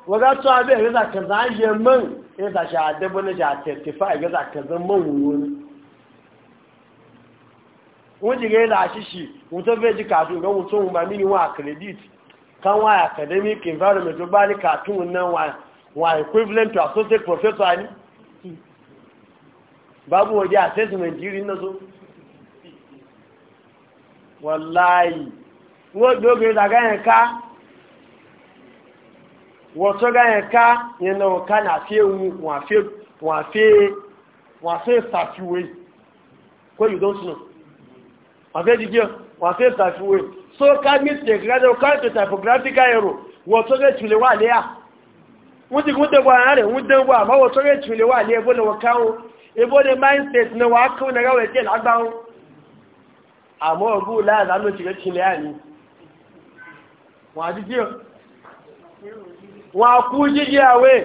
wọ́n ga tó abẹ́ ẹ̀rẹ́sà kẹta yẹ mọ́ ẹ̀rẹ́sà ṣe àdẹ́bọ́nẹ́ṣà kan wa academic environment ba ni cartoon nan wa wa equivalent to associate professor ni babu waje assessment jiri na so wallahi wọ́n gbé obìnrin dàgá yẹn ká wọ́n tó gá yẹn ká yẹn náà ká ní àfíẹ́ wọn àfíẹ́ sàfíwé kó yìí tó sùn wọ́n fẹ́ jíjẹ́ wọ́n àfíẹ́ sàfíwé so ka mistake rádẹ́ káàkiri typographical error wọ́n tó rẹ̀ tún lè wà lẹ́yà wọ́n ti gúndẹ̀ wà rẹ̀ wọ́n dẹ̀ wà mọ́wọ́ tó rẹ̀ tún lè wà lẹ́yà ebóni wọ́n káwọn ebóni mindset na wà kún na ráwẹ̀ tẹ́ lágbáwọn àmọ́ ọgbú láàrín àmì òtìrẹ́ tún lẹ́yà ni wọ́n á dídí wọ́n á kú jíjí àwẹ̀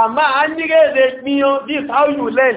àmọ́ à ń ní rẹ̀ rẹ̀ gbìyàn this how you learn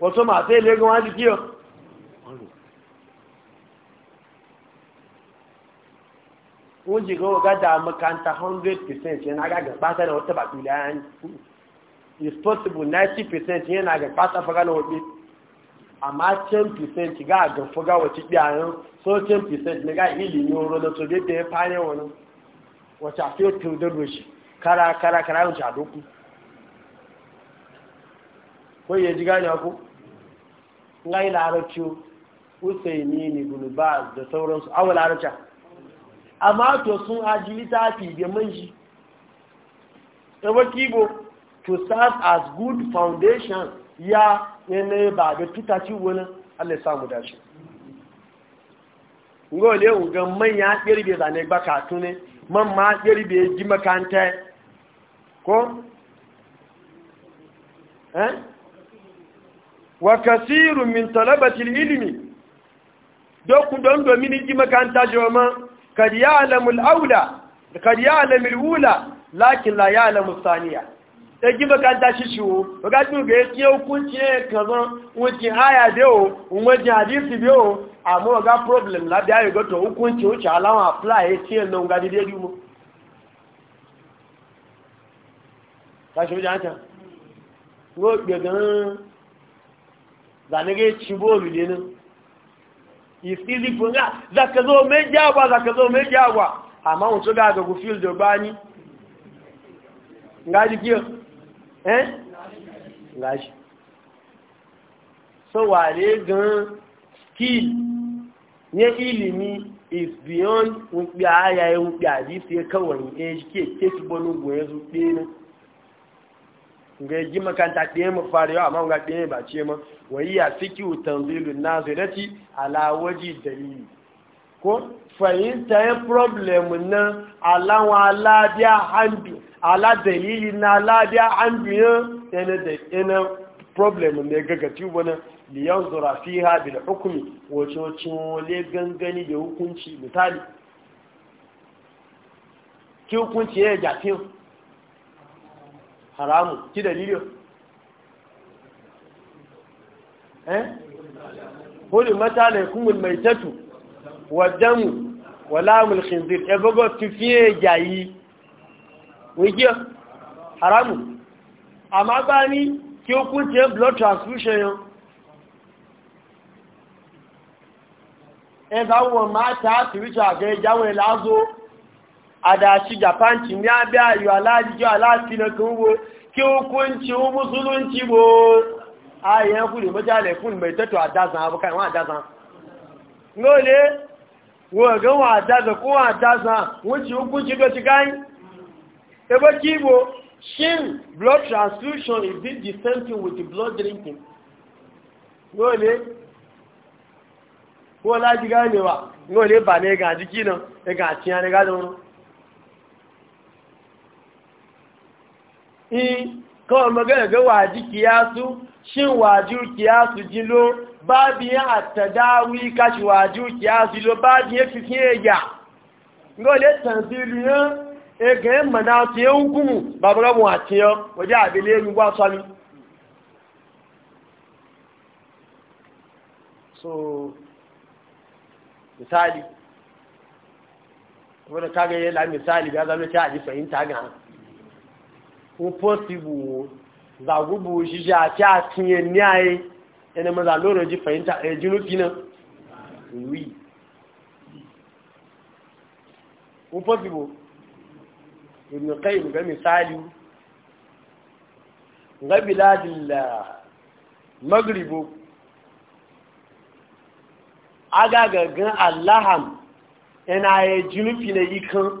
wasu masu yi legon wani kiyo wọ́n jẹ́ gbogbo makanta 100% yana gagan pata na wata batu da yan is possible 90% yana gagan pata faga na wabe amma 10% ga gagan faga wace biyayen so 10% na ga ili ne wuro na so da ya fane wani wace a fiye teodoro shi kara kara kara shadoku ko ngai larabci usaini ne gulbaz da sauransu awa larabca amma to sun aji littafi da manji ɗaba kibo to serve as good foundation ya yana ba da tutaci wani allah ya samu dashi ngole uga manya kirbe zane baka tuni man ma kirbe ji makanta ko eh wa kasirun min talabatil ilmi doku don domin ji makanta joma kad ya'lamul aula kad ya'lamul ula lakin la ya'lamus saniya egi makanta shi shiwo ga tu ga yake hukunci kazan wuce aya da o wuce hadisi bi o amma ga problem la da ya to hukunci wuce alawa apply ce nan ga dide dumo ka shi wuce ta ngo gbe gan zanage cibolu ne nan isizi funga za ka zo mai jagwa za ka zo mai jagwa amma wuce ga ga gufil da ngaji kiyo eh ngaji so ware gan skill ne ilimi is beyond wupi aya ya wupi hadisi ya kawai eh ke ke tibonu gwe zu dinin ga e yi makanta ɗaya mu fara yau amma ga ɗaya ba ce ma wayi ya fiki tanzilun nazirati ala waji dalili ko fahimta ya e problem na alawa alabiya hanbi ala dalili na alabiya hanbi ya yana da yana problem ne ga gaci wani liyan zura fi ha da hukumi wacocin wale gangani da hukunci misali ki hukunci ya e yi haramu ki dalili eh holi mata ne kumul mai tatu wa damu wa lamul khinzir e bogo tufiye jayi wikiyo haramu amma ba ni ki ó kún jẹ́ blood transfusion yẹn ẹgbà wọn máa tàá tìríṣà àgẹ́ ìjáwọn ìlázó adashi japan cin ya biya yi alajiyo alafi na kunwo kí hukunci musulunci bo a yi yan kuri mutane kun mai tattu a dazan abokan wa dazan lole wogan wa dazan ko wa dazan wuce hukunci ga ci gani ebe kibo shin blood transfusion is with blood drinking in kawai magana ga waji kiyasu shin waji kiyasu jilo e babu yin attadawi a ti yan waje abele yin gwa sami so misali wani kagaye la misali ya possible wo za gubu shi a ci a cinye ni a yi yana maza lori ji fahimta a eh, jinu kina wi wo possible ibn qayyim ga ga magribo aga gagan allaham yana yi kan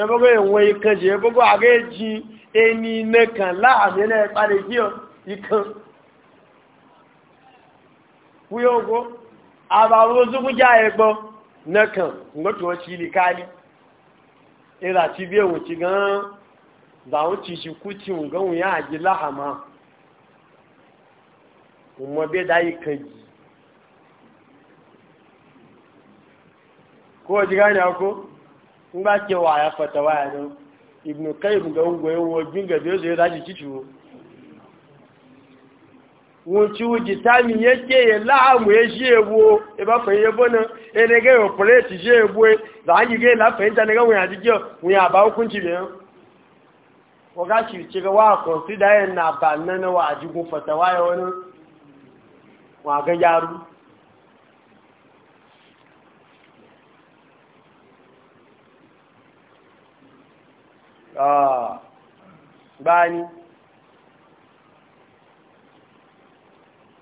ẹgbogbo ìwọ̀n ikan jẹ́ gbogbo ààrẹ jí ẹni nẹ́kàn láàmì ẹ̀nà ìpàdé jí ikan wúyọ́ ogo àbàwọn ozúgbújá ẹgbọ́ nẹ́kàn ńgbọ́tù wọn ti ilé káàlì ìrà tí bí ẹ̀wọ̀n ti gan-an làwọn ti ṣìkú ti ń yá àjí láhàmà ọmọ bẹ́ẹ̀ dá ikan jì in ba ke waya fata waya ibu ibn kayyim ga ginga wajin ga biyu zai zaji ciwo wunci wuji tami yake ya la'amu ya shi egbo eba fahim yabo nan ene ga o plate shi egbo da ne ga ba hukunci biyan waga shi ce ga wa consider yin na ba nan wa wa ga Ah, bani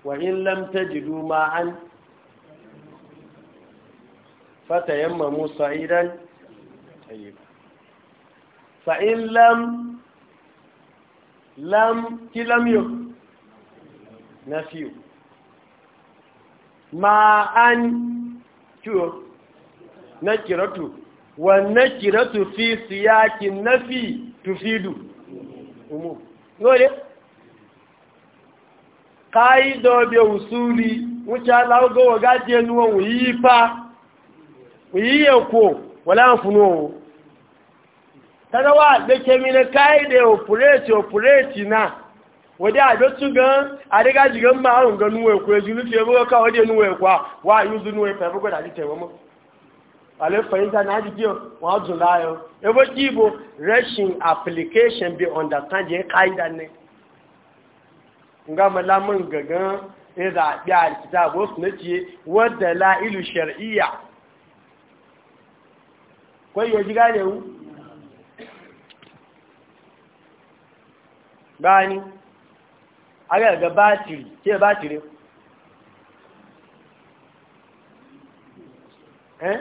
wa'in lamta jidu ma'an fata sa'idan musa Fa in lam lam kilamiyo na Ma an kiyo na kiratu wannan kira tufi siyakin nafi du. umu lóòrẹ́ káìdọ̀bẹ̀ òsúrí wúnṣe aláwọ́gọ́wọ̀ gájí ẹnu ohun yìí pa yìí ẹ̀kọ́ wọ́n láàrín fún ohun tánàwà gbẹ́kẹ́mínà káìdẹ̀ òpùrẹ́tì òpùrẹ́tì náà wọ́dí àdótú gan adégájì gan máa ń gan nú ẹ̀kọ́ ẹjú lúfẹ́ ẹgbẹ́ alifayinta na jikin wọn jù láyọ ebe kí ibo rashin application bi understand yẹ ka'ida ne nga malamin gagan ya zaɓi a rikita wasu na wadda kwai gani eh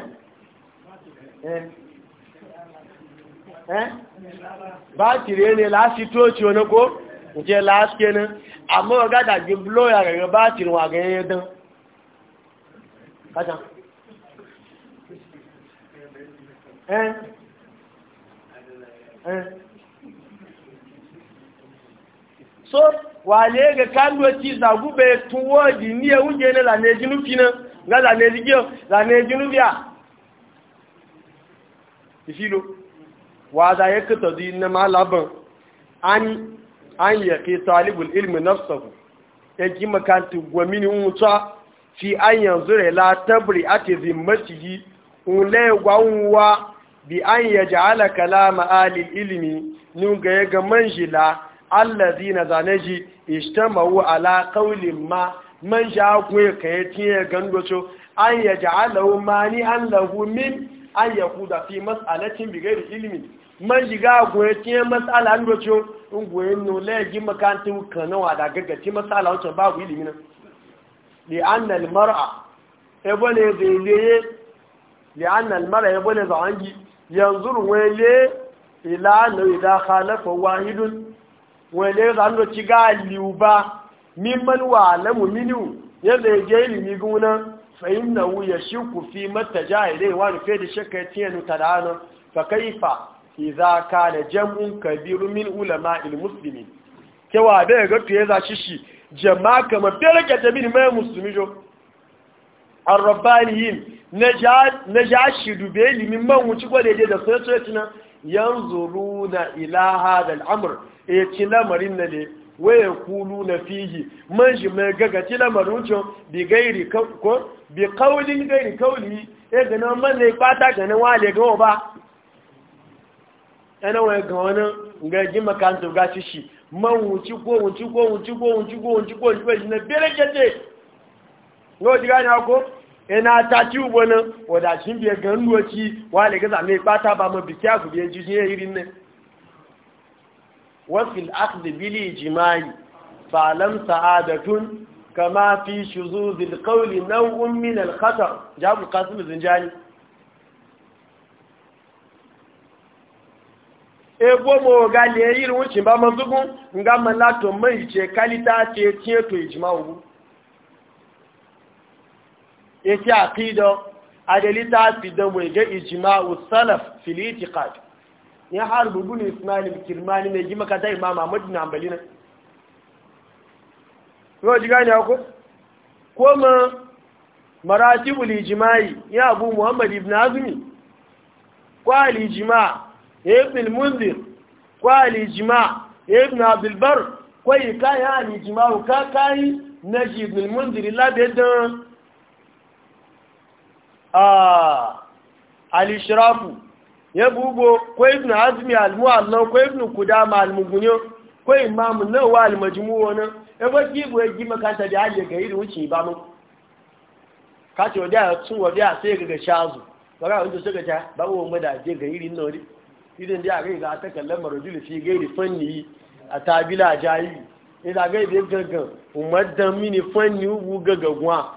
bátìrì ẹni láti tó tí oní kó jẹ láti ẹni àmọ́ ọgádà jù lóyà rẹ̀ bátìrì wà gẹ̀ẹ́ dán kájá ẹ́n so wà lè gẹ̀ káńdò tí ìzàgúbẹ̀ tún n'e ní n'e ní lànà ẹjínú fi n'e gá lànà n'e bí ishilo wada ya kuta zuyi na malaban an ya ke talibul ilmi nafsahu ya e ki makanti gwamini wuta fi an yanzu rela tabri ake zimmatihi ule gwawuwa bi an ya ja'ala kalama alil ilmi nunga ya ga manjila allazi na zaneji ishtamawu ala kaulin ma manja kwe ka ya tiye gandocho an ya ja'ala mani an lahu an yakuda fi mas'alatin bi ilimin ilmi man jiga goye tiye mas'ala an doce in goye no la gi makantin kana wa da gaggaci mas'ala wacce babu ilimi nan li anna al mar'a ebole zele li anna al mar'a ebole zawangi yanzuru wele ila na idha khalafa wahidun wele ci ga liuba mimman wa lamu minu yadda ya je ilimi gunan fa'in na wuya shi ku fi mata jahilai wani fe da shakka ya tiyanu talana fa kaifa iza kana jam'un kabiru min ulama il muslimi kewa da ga tuye za shi shi jama'a kama bereke ta bin mai musulmi jo na ja shi dube limin man wuci gwadaje da sai na yanzuru na ilaha da al'amur e ci lamarin na ne waya kulu na fihi man shi mai gagaci lamarin cin bigairi ko bi kaulin gairi kauli ya ga ji makanta ga ci shi man wuci ko wuci na bere kete yau ji gani ako yana ba ma biki aku biyar e jijiyar e irin nan wasu al'akdi كما في شذوذ القول نوع من الخطر جاب القاسم الزنجاني ebo mo ga le yin wuce ba manzugun nga malato mai ce kalita ce tiye to ijma ugu yace aqida adalita fi da mu ga ijma salaf fil itiqad ya harbu bin ismail kirmani me ji maka imama imam ahmad yau ji gani ako koma maratibul ijma'i ya abu muhammad ibn azumi azmi kwal ijma ibn al-munzir kwal ya ibn abdul bar kwai kai al ijma ka kai naji ibn al-munzir la bedan ah al-ishrafu ya bugo ko ibn azumi al-mu'alla ko ibn kudama al-mugunyo ko imam nawawi al wani. ebe ki bu ya gima kanta da hajji ga irin wuce ba mun ka ce wadda sun wadda sai ga ga shazu ba ga wanda suka ta ba wa mu da je ga irin nan wuri idan da ga ga ta kallon marujul fi gairi fanni a tabila jayi ida ga da gaga umar dan mini fanni ubu gaga gwa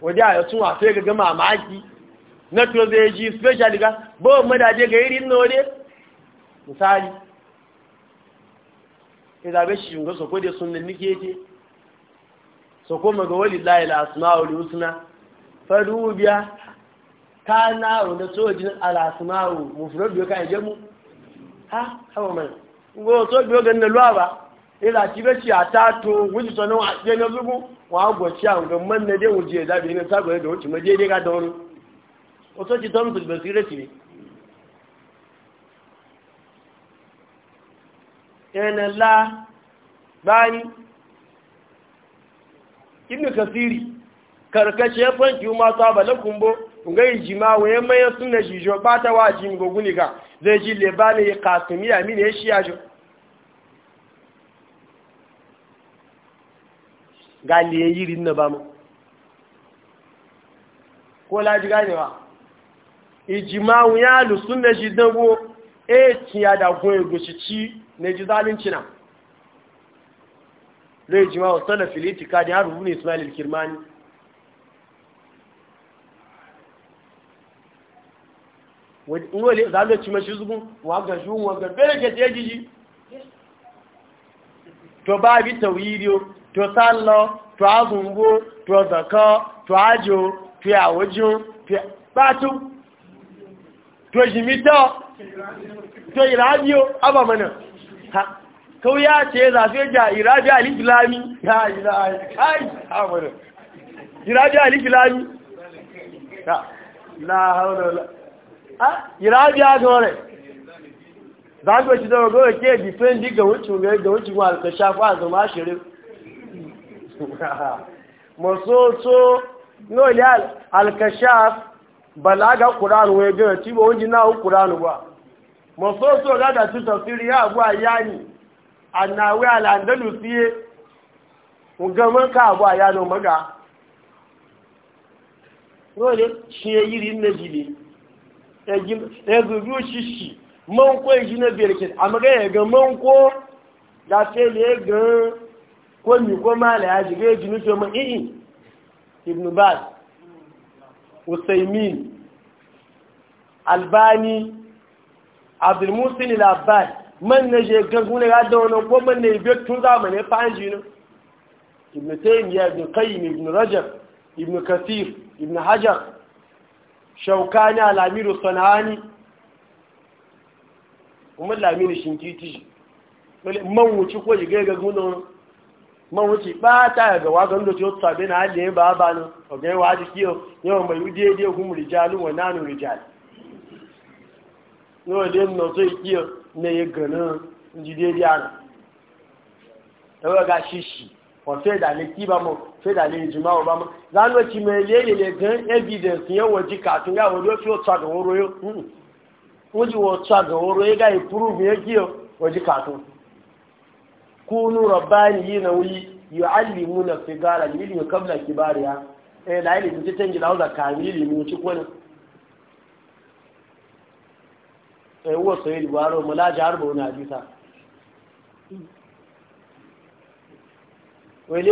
wadda ya sun wa sai ga ga mamaki na to zai ji special ga ba mu da je ga irin nan wuri misali izabe shi yunga soko da sunan nike yake soko maga wali layi la asma'ul husna faru biya ka na wanda sojin al asma'u mufrad biyo ka jamu ha hawa man ngo so biyo gan na luwa ba ila ti be shi atato wuji so nan je na zugu wa go ci an ga man ne de wuje da bi ne sago da wuce maje de ga don o so ci don su basira ci yana la bani inú kasiri karkace ya fanki ma saba la kumbo ngai jima waye mai sunna jijo bata wa jin goguni ga zai ní le bani qasimi ya mine shi ya jo gali yiri ko laji ya lusun shi ne ji zalunci na zai ji ma wasu da litika da har ne ismail kirmani wani zalunci mashi zugun waga shun waga bere ke te jiji to ba bi ta tawiriyo to sallo to azungo to zaka to ajo to yawajo to batu to jimita to irabiyo abamana ha kau ya ce zafe ja irabi al-islami ya ilahi ai amuru irabi al-islami ha la haula la ha irabi agore zago shi da gogo ke defend ga wucin ga ga wucin wal ka a zama shirin masoso no ya al-kashaf balaga qur'an wai ga tibo wajin na qur'an ba mọ̀sọ́sọ́ rádà títọ̀ sí rí àgbà àyáyì ànàwẹ́ alàndẹ́lù sí é ǹgọ́mọ́ká àgbà àyánà mọ́gá wọ́n lè ṣe èyí rí nẹ́jìlẹ̀ ẹgbẹ̀rú ṣíṣì mọ́nkó èyí àmọ́gẹ́ gan ibn albani abdulmusin Musin abbas man na je gangun ya da wani kuma man yi biyar tun zamanin fanji ne ibn taymiya ibn qayyim ibn rajab ibn kathir ibn hajar shaukani al-amiru sanani kuma lamini shinkiti man wuce ko shiga ga gunan man wuce ba ta ga wanda da sabi na hali ne ba ba ne ga yawa jiki yau mai wuce dai kuma rijalu wa nanu rijalu níwọ̀n dé nà tó ìkí ọ ní ẹyẹ gànà jíde bí àná ẹwọ́ ga ṣíṣì wọ́n fẹ́ ìdàlẹ́ kí bá mọ́ fẹ́ ìdàlẹ́ ìjùmọ́ ọba mọ́ lánàá tí mo lé gan evidence yẹn wọ́n jí kàtún ló fi jí ká kí ọ jí kàtún kúnú yìí náà wọ́n yí fi gára lè kí bá rẹ̀ ẹ̀ ẹwọ́ sọ̀rọ̀ ìdìbò àárọ̀ ọmọ lájà àrùbọ̀ ní àdìsá wọ́n ilé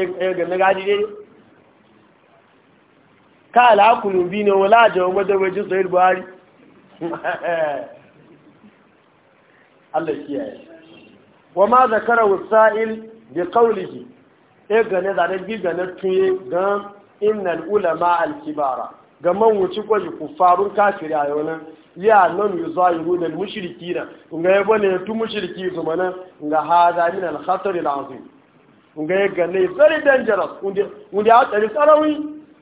ẹgbẹ̀ nígbà dídé káàlá kùnú bí ní wọ́n lájà wa ma zakara wasa'il eh, gane tuye ulama alkibara ga man wuci ku faru kafiri a yau nan ya nan yi zuwa yi rudar mushiriki na ga ya bane tu mushiriki zuma nan nga hada min al-khatar al ya ganne very dangerous wanda ya tsari tsarawi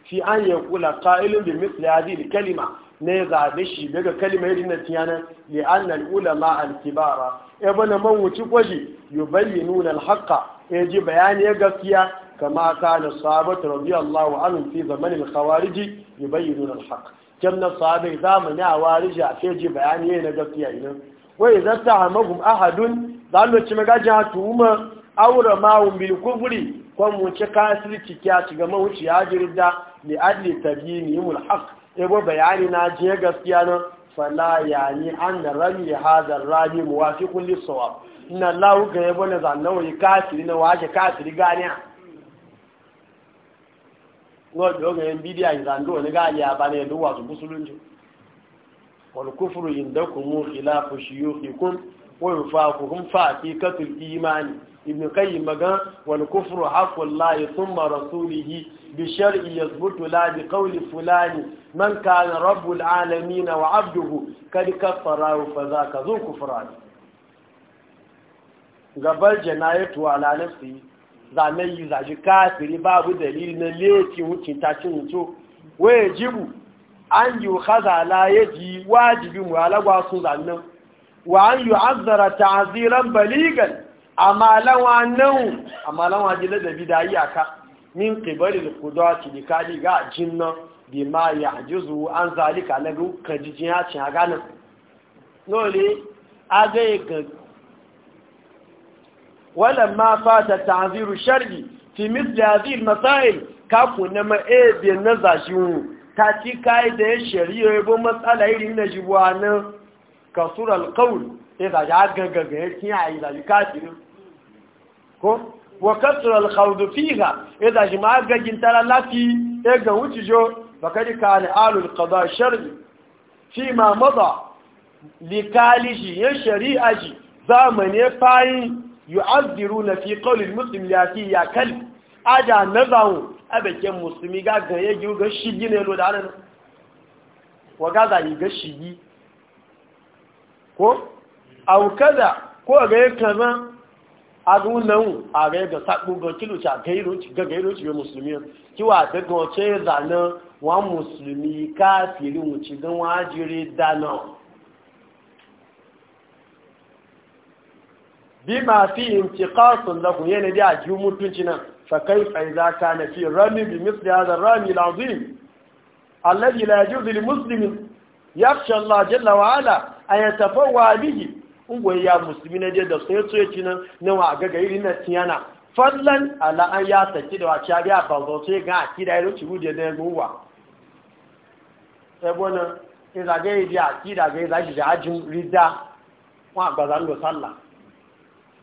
fi an ya kula da bi mithli hadhihi kalima ne zabe shi daga kalimar irin na tiyana li anna al-ulama al-kibara ya bane man wuci kwaji yubayyinuna al-haqqa ya ji bayani ya gaskiya كما كان الصحابة رضي الله عنهم في زمن الخوارج يبينون الحق كم الصحابة إذا من أوارج أفيجي بيانيه نقفتي أينا وإذا استعمهم أحد ظلوا تمجاجها توما أو رماهم بالكفر كم وشكاسر تكيات كما وشياجر الدا لأجل تبينهم الحق إبو بياني ناجيه قفتيانا فلا يعني أن رمي هذا الرامي موافق للصواب إن الله كيبون ظنوا يكاسرين واجه كاسر قانيا wọ́n jọ ga yin bidiya yin zando ni ga ya ba ne duwa su musulunci wal kufru indakum khilafu shuyukhikum wa yufaqukum fa haqiqatul imani ibn qayyim magan wal kufru haqqu allahi thumma rasulihi bi shar'i yathbutu la bi qawli fulani man kana rabbul na wa 'abduhu kad kafara fa dhaka dhu kufran gabal janayatu ala nafsihi zane yi zaji kafiri babu dalili na leki wucin tashin wuto waye jibu an yi hazala ya ji wajibi mu alagwa sun zannan. wa an yi azara ta'aziran baligan amma lawa nan ladabi da iyaka min qibalil qudati bi kali ga jinna bi ma ya'juzu an zalika na ruka jijin ya cin aga ولما فات تعذير الشرع في مثل هذه المسائل كاكو نما ايه بينزاشيو تاتي قاعده الشريعه يبو مساله يرين نجبوانا كسر القول اذا جاء غغغه كي عايز الكافر كو وكسر الخوض فيها اذا جماع غجن ترى لافي ايه غوتجو فقد كان آل القضاء الشرعي فيما مضى لكالجي يا شريعه زمن فاين yu'azziru fi qawli muslim ya fi ya kal aja nazawu abaken muslimi ga ga ya ga shigi ne lo da nan wa ga za yi ga shigi ko aw kaza ko ga kaza agun nan a ga ga sabu ga kilu cha ga iro ci ga ga iro ci muslimi ki wa da ga ce da nan wa muslimi kafirin ci ga wajire da nan bima fi intiqasun lahu yana da ji mutunci nan fa za ka na fi rami bi misli hada rami alazim alladhi la yajuzu lil muslim yakhsha Allah jalla wa ala an yatafawwa bihi ungoyi ya musulmi na da sai so yaci nan na wa ga ga irin na tiyana fadlan ala an ya saki da wace ya ba zo sai ga akida irin ci gudu da gowa sai bona idan ga yi akida ga za zaji da ajin rida wa bazan do sallah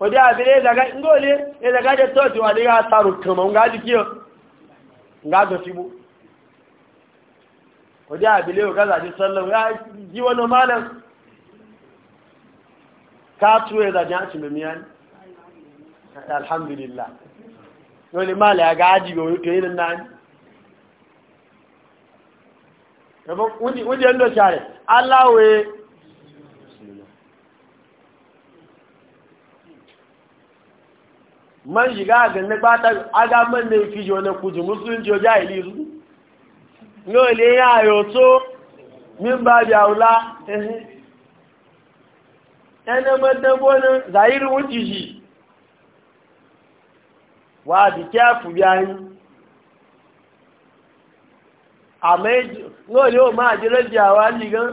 wọ́n àbílẹ̀ ìzàgá ìgbòlé ìzàgá jẹ́ tọ́jú wà ní àtàrù kànmọ̀ ń gájú kí ọ gájọ sí bú wọ́n àbílẹ̀ ògázà jí sọ́lọ́ yíwọ́n náà máa lẹ́m káàtù ìzàjá ti mẹ́mí án alhamdulillah wọ́n lè máa lẹ́gá ájì wọ́n man shiga ga na gbata aga man ne fi jo na kuji musulunci o jahili su no le ya yo to min ba bi aula eh ene madan bona zahiri wuti shi wa bi kya fu bi ayin amejo no o ma je leji awali gan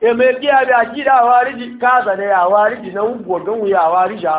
eme ki ji ajira awari ji kaza ne awari ji na ugbo gan wi awari ja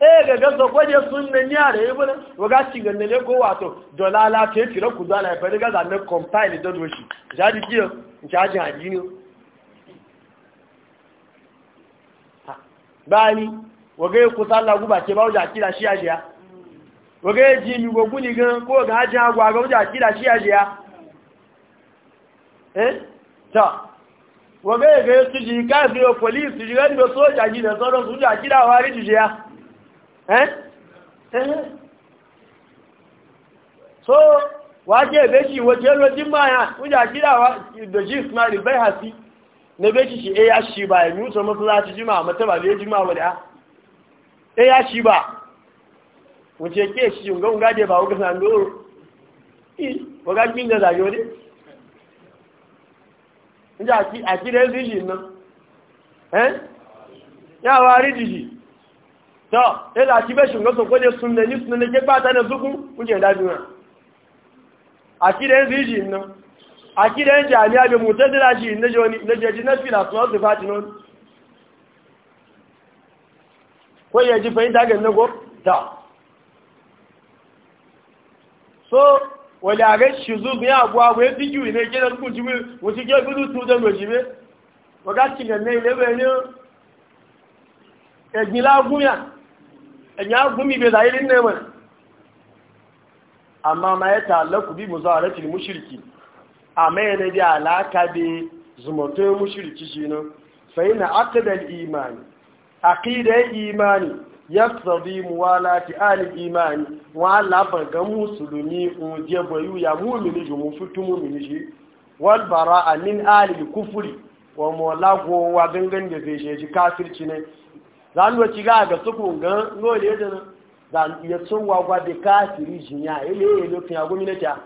eh ga so kwaje sunna ni are yi bana waga cinga ne ko wato dolala ce tira ku dala fa riga da ne compile don woshi jadi kiyo jaji bani waga ku shi ajiya waga ji mi go guni gan ko ga haji agwa ga shi eh ta waga ga su ji ka biyo police ji ga soja ji da sauran su wari ji ya so waje ebeshi waje lojin maya wuja kira da ji ismaili bai hasi na beshi shi eya shi ba ya nusa masalaci jima mata ba bai jima wadda ya shi ba wuce ke shi yunga unga de ba wuka san doro i waga kinga da yode nja ki akire zishi na eh ya wari dishi ta ila ki be shunga so koje sunne ni sunne ke bata na zuku kuje da duniya akida ziji no akida jami'a be mutadila ji ne joni ne jeji na fila to da fati non ko ya ji fahimta ga nago ta so wala ga shizu bi abu abu ya yi ne ke da ku ji mu ci ke gudu tu da goji be waga ga ne le ne ya gumi bai zahirin ne mai amma ma ya talaku bi muzawaratul mushriki amma yana da alaka bi zumato mushriki shine fa ina aqdal imani aqida imani yaqtadi muwalati ahli imani wa la baga musulmi uje bayu ya mu'mini jumu fitu mu'mini shi wal bara'a min ahli kufri wa mulago wa gangan da zai shi kafirci ne za mu ci ga ga suku ga ngo le da da ya sun e wagwa da kafiri jinya ele ele tun ya gwamnati a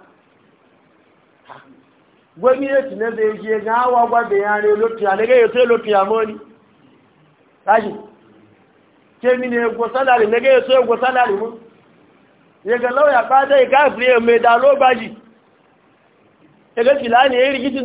gwamnati na zai je ga wagwa da yare lotiya ne ga yato lotiya moni tashi ke mi ne go salary ne ga yato go salary mu ya e ga lauya ba dai kafiri mai da lo baji ya e ga filani ya rigiti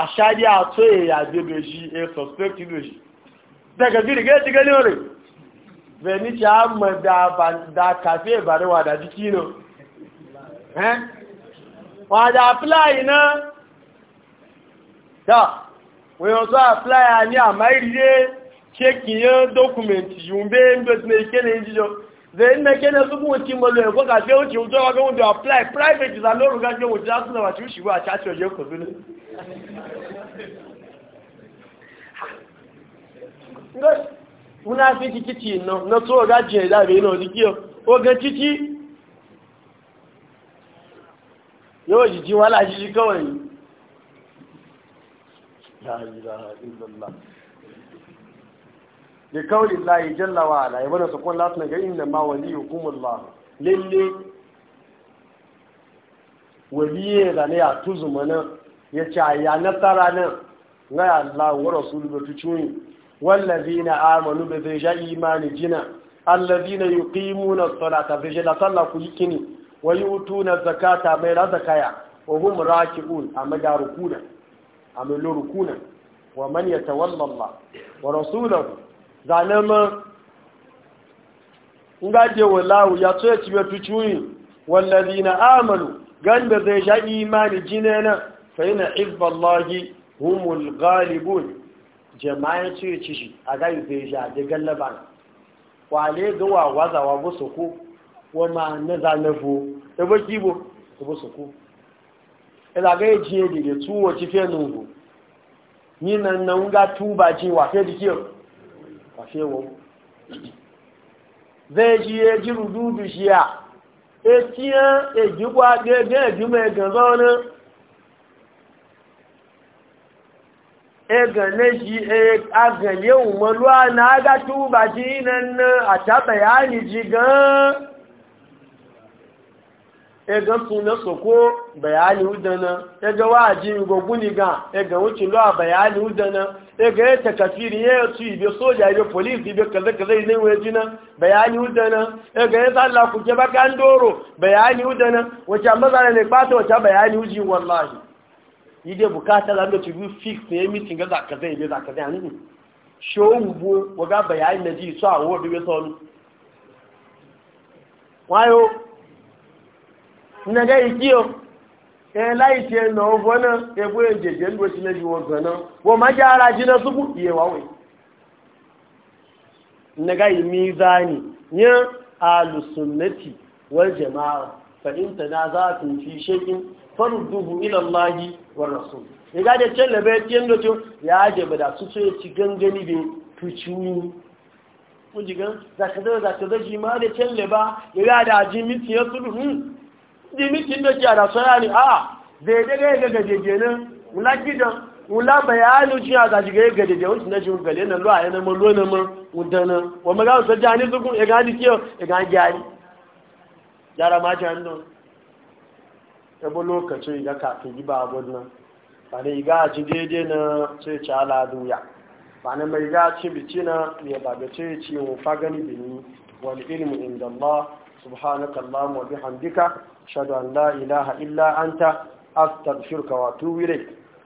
àṣáyé àtó èyà àgbébèjì a suspect ìlòjì daga gidi gẹ́ẹ̀tì gẹ́lẹ́ rẹ̀ venice a mọ̀ da kàfí ìbàríwà da jíkí nù wọ́n àjá apply náà dá wọ́n tó apply a ní àmáìríyé kékìyàn dọ́kùmẹ̀ntì yùn bẹ́ ń bẹ́ tí mẹ́kẹ́ ní jíjọ zẹ́yìn mẹ́kẹ́ ní ọdún tí mo lọ ẹ̀kọ́ kàfí ó ti ó jọ́ ọgbẹ́ munafiki kici no na so ga je da be no dikiyo o ga cici yo jiji wala jiji kawai la ilaha illallah da kawai layi jallawa ala ya e bane su kun latin ga inda ma wali hukumullah lalle waliye da ne a tuzu mana ya ce ya nasara nan na Allah wa rasulu da wallazi na amanu da zai sha imani jina kimu na as ta zai jala sallah ku yikini wa na zakata mai raza kaya wa hum raki'un amma da rukuna amma lo rukuna wa man yatawalla Allah wa rasuluhu zanama ngaje wallahu ya tsaye ci tucuyi wallazina gan ganda zai sha imani jina na fa'ina ibballahi humul galibun jama'a ce ci shi a gai beja da gallaba kwale ga wawazawa bu su ku wama na zanafo da baki bu su bu su ku ila ga yi jiye da da tuwo ci fiye nungu ni nan na nga tuba ci wafe da kiyar wafe wa zai jiye jiru dudu shiya e tiyan e jikwa gẹ́gẹ́ jimẹ̀ ganzanin egane shi e agane umaruwa na ga tuba ji nan a ta bayani ji gan ega suna soko bayani udana ega waji goguni gan, ega wuce lo bayani udana ega ya takafiri ya su ibe soja ibe polisi ibe kaza kaza ne waje na bayani udana ega ya sallah ku ke bakan doro bayani udana wace mazana ne kwata wace bayani uji wallahi yi dai bukata zan da ci bi fix ne mitin ga zaka zai ne zaka zai anin show bo waga bayani na ji so awo bi so ni wayo na ga ikiyo E eh, lai ti en no bona e, e, e bo ejeje ndo si na ji wo gana wo ma ja ara ji na suku ye wawe na ga mizani nya alusunnati wal jamaa fa za tanaza'tum fi shekin. farduhu ila Allah wa rasul ya ga da cin labe yin da ya ba, da su ce ci gangani bin tuciwu kun ji gan za ka zai za ka zai ji ma da cin laba ya ga da ji miti ya tudu hun hmm. ji miti da a da sana ne a zai daga ya gaga jeje nan mula gidan mula bayanu ji a zaji ga ya gaga jeje wani na jin gale na luwa yana ma luwa na ma wudana wa magana sa jani zukun ya gani kiyo ya gani gyari yara ma jani don yabo lokacin ya kafin yi babun nan ba ne a ci daidai na sai ci ala duya ba ne mai ga ci bici na ya ba da ce ci mu fagani bini wani ilmu inda Allah subhanaka Allahumma bihamdika shadu an la ilaha illa anta astaghfiruka wa atubu wire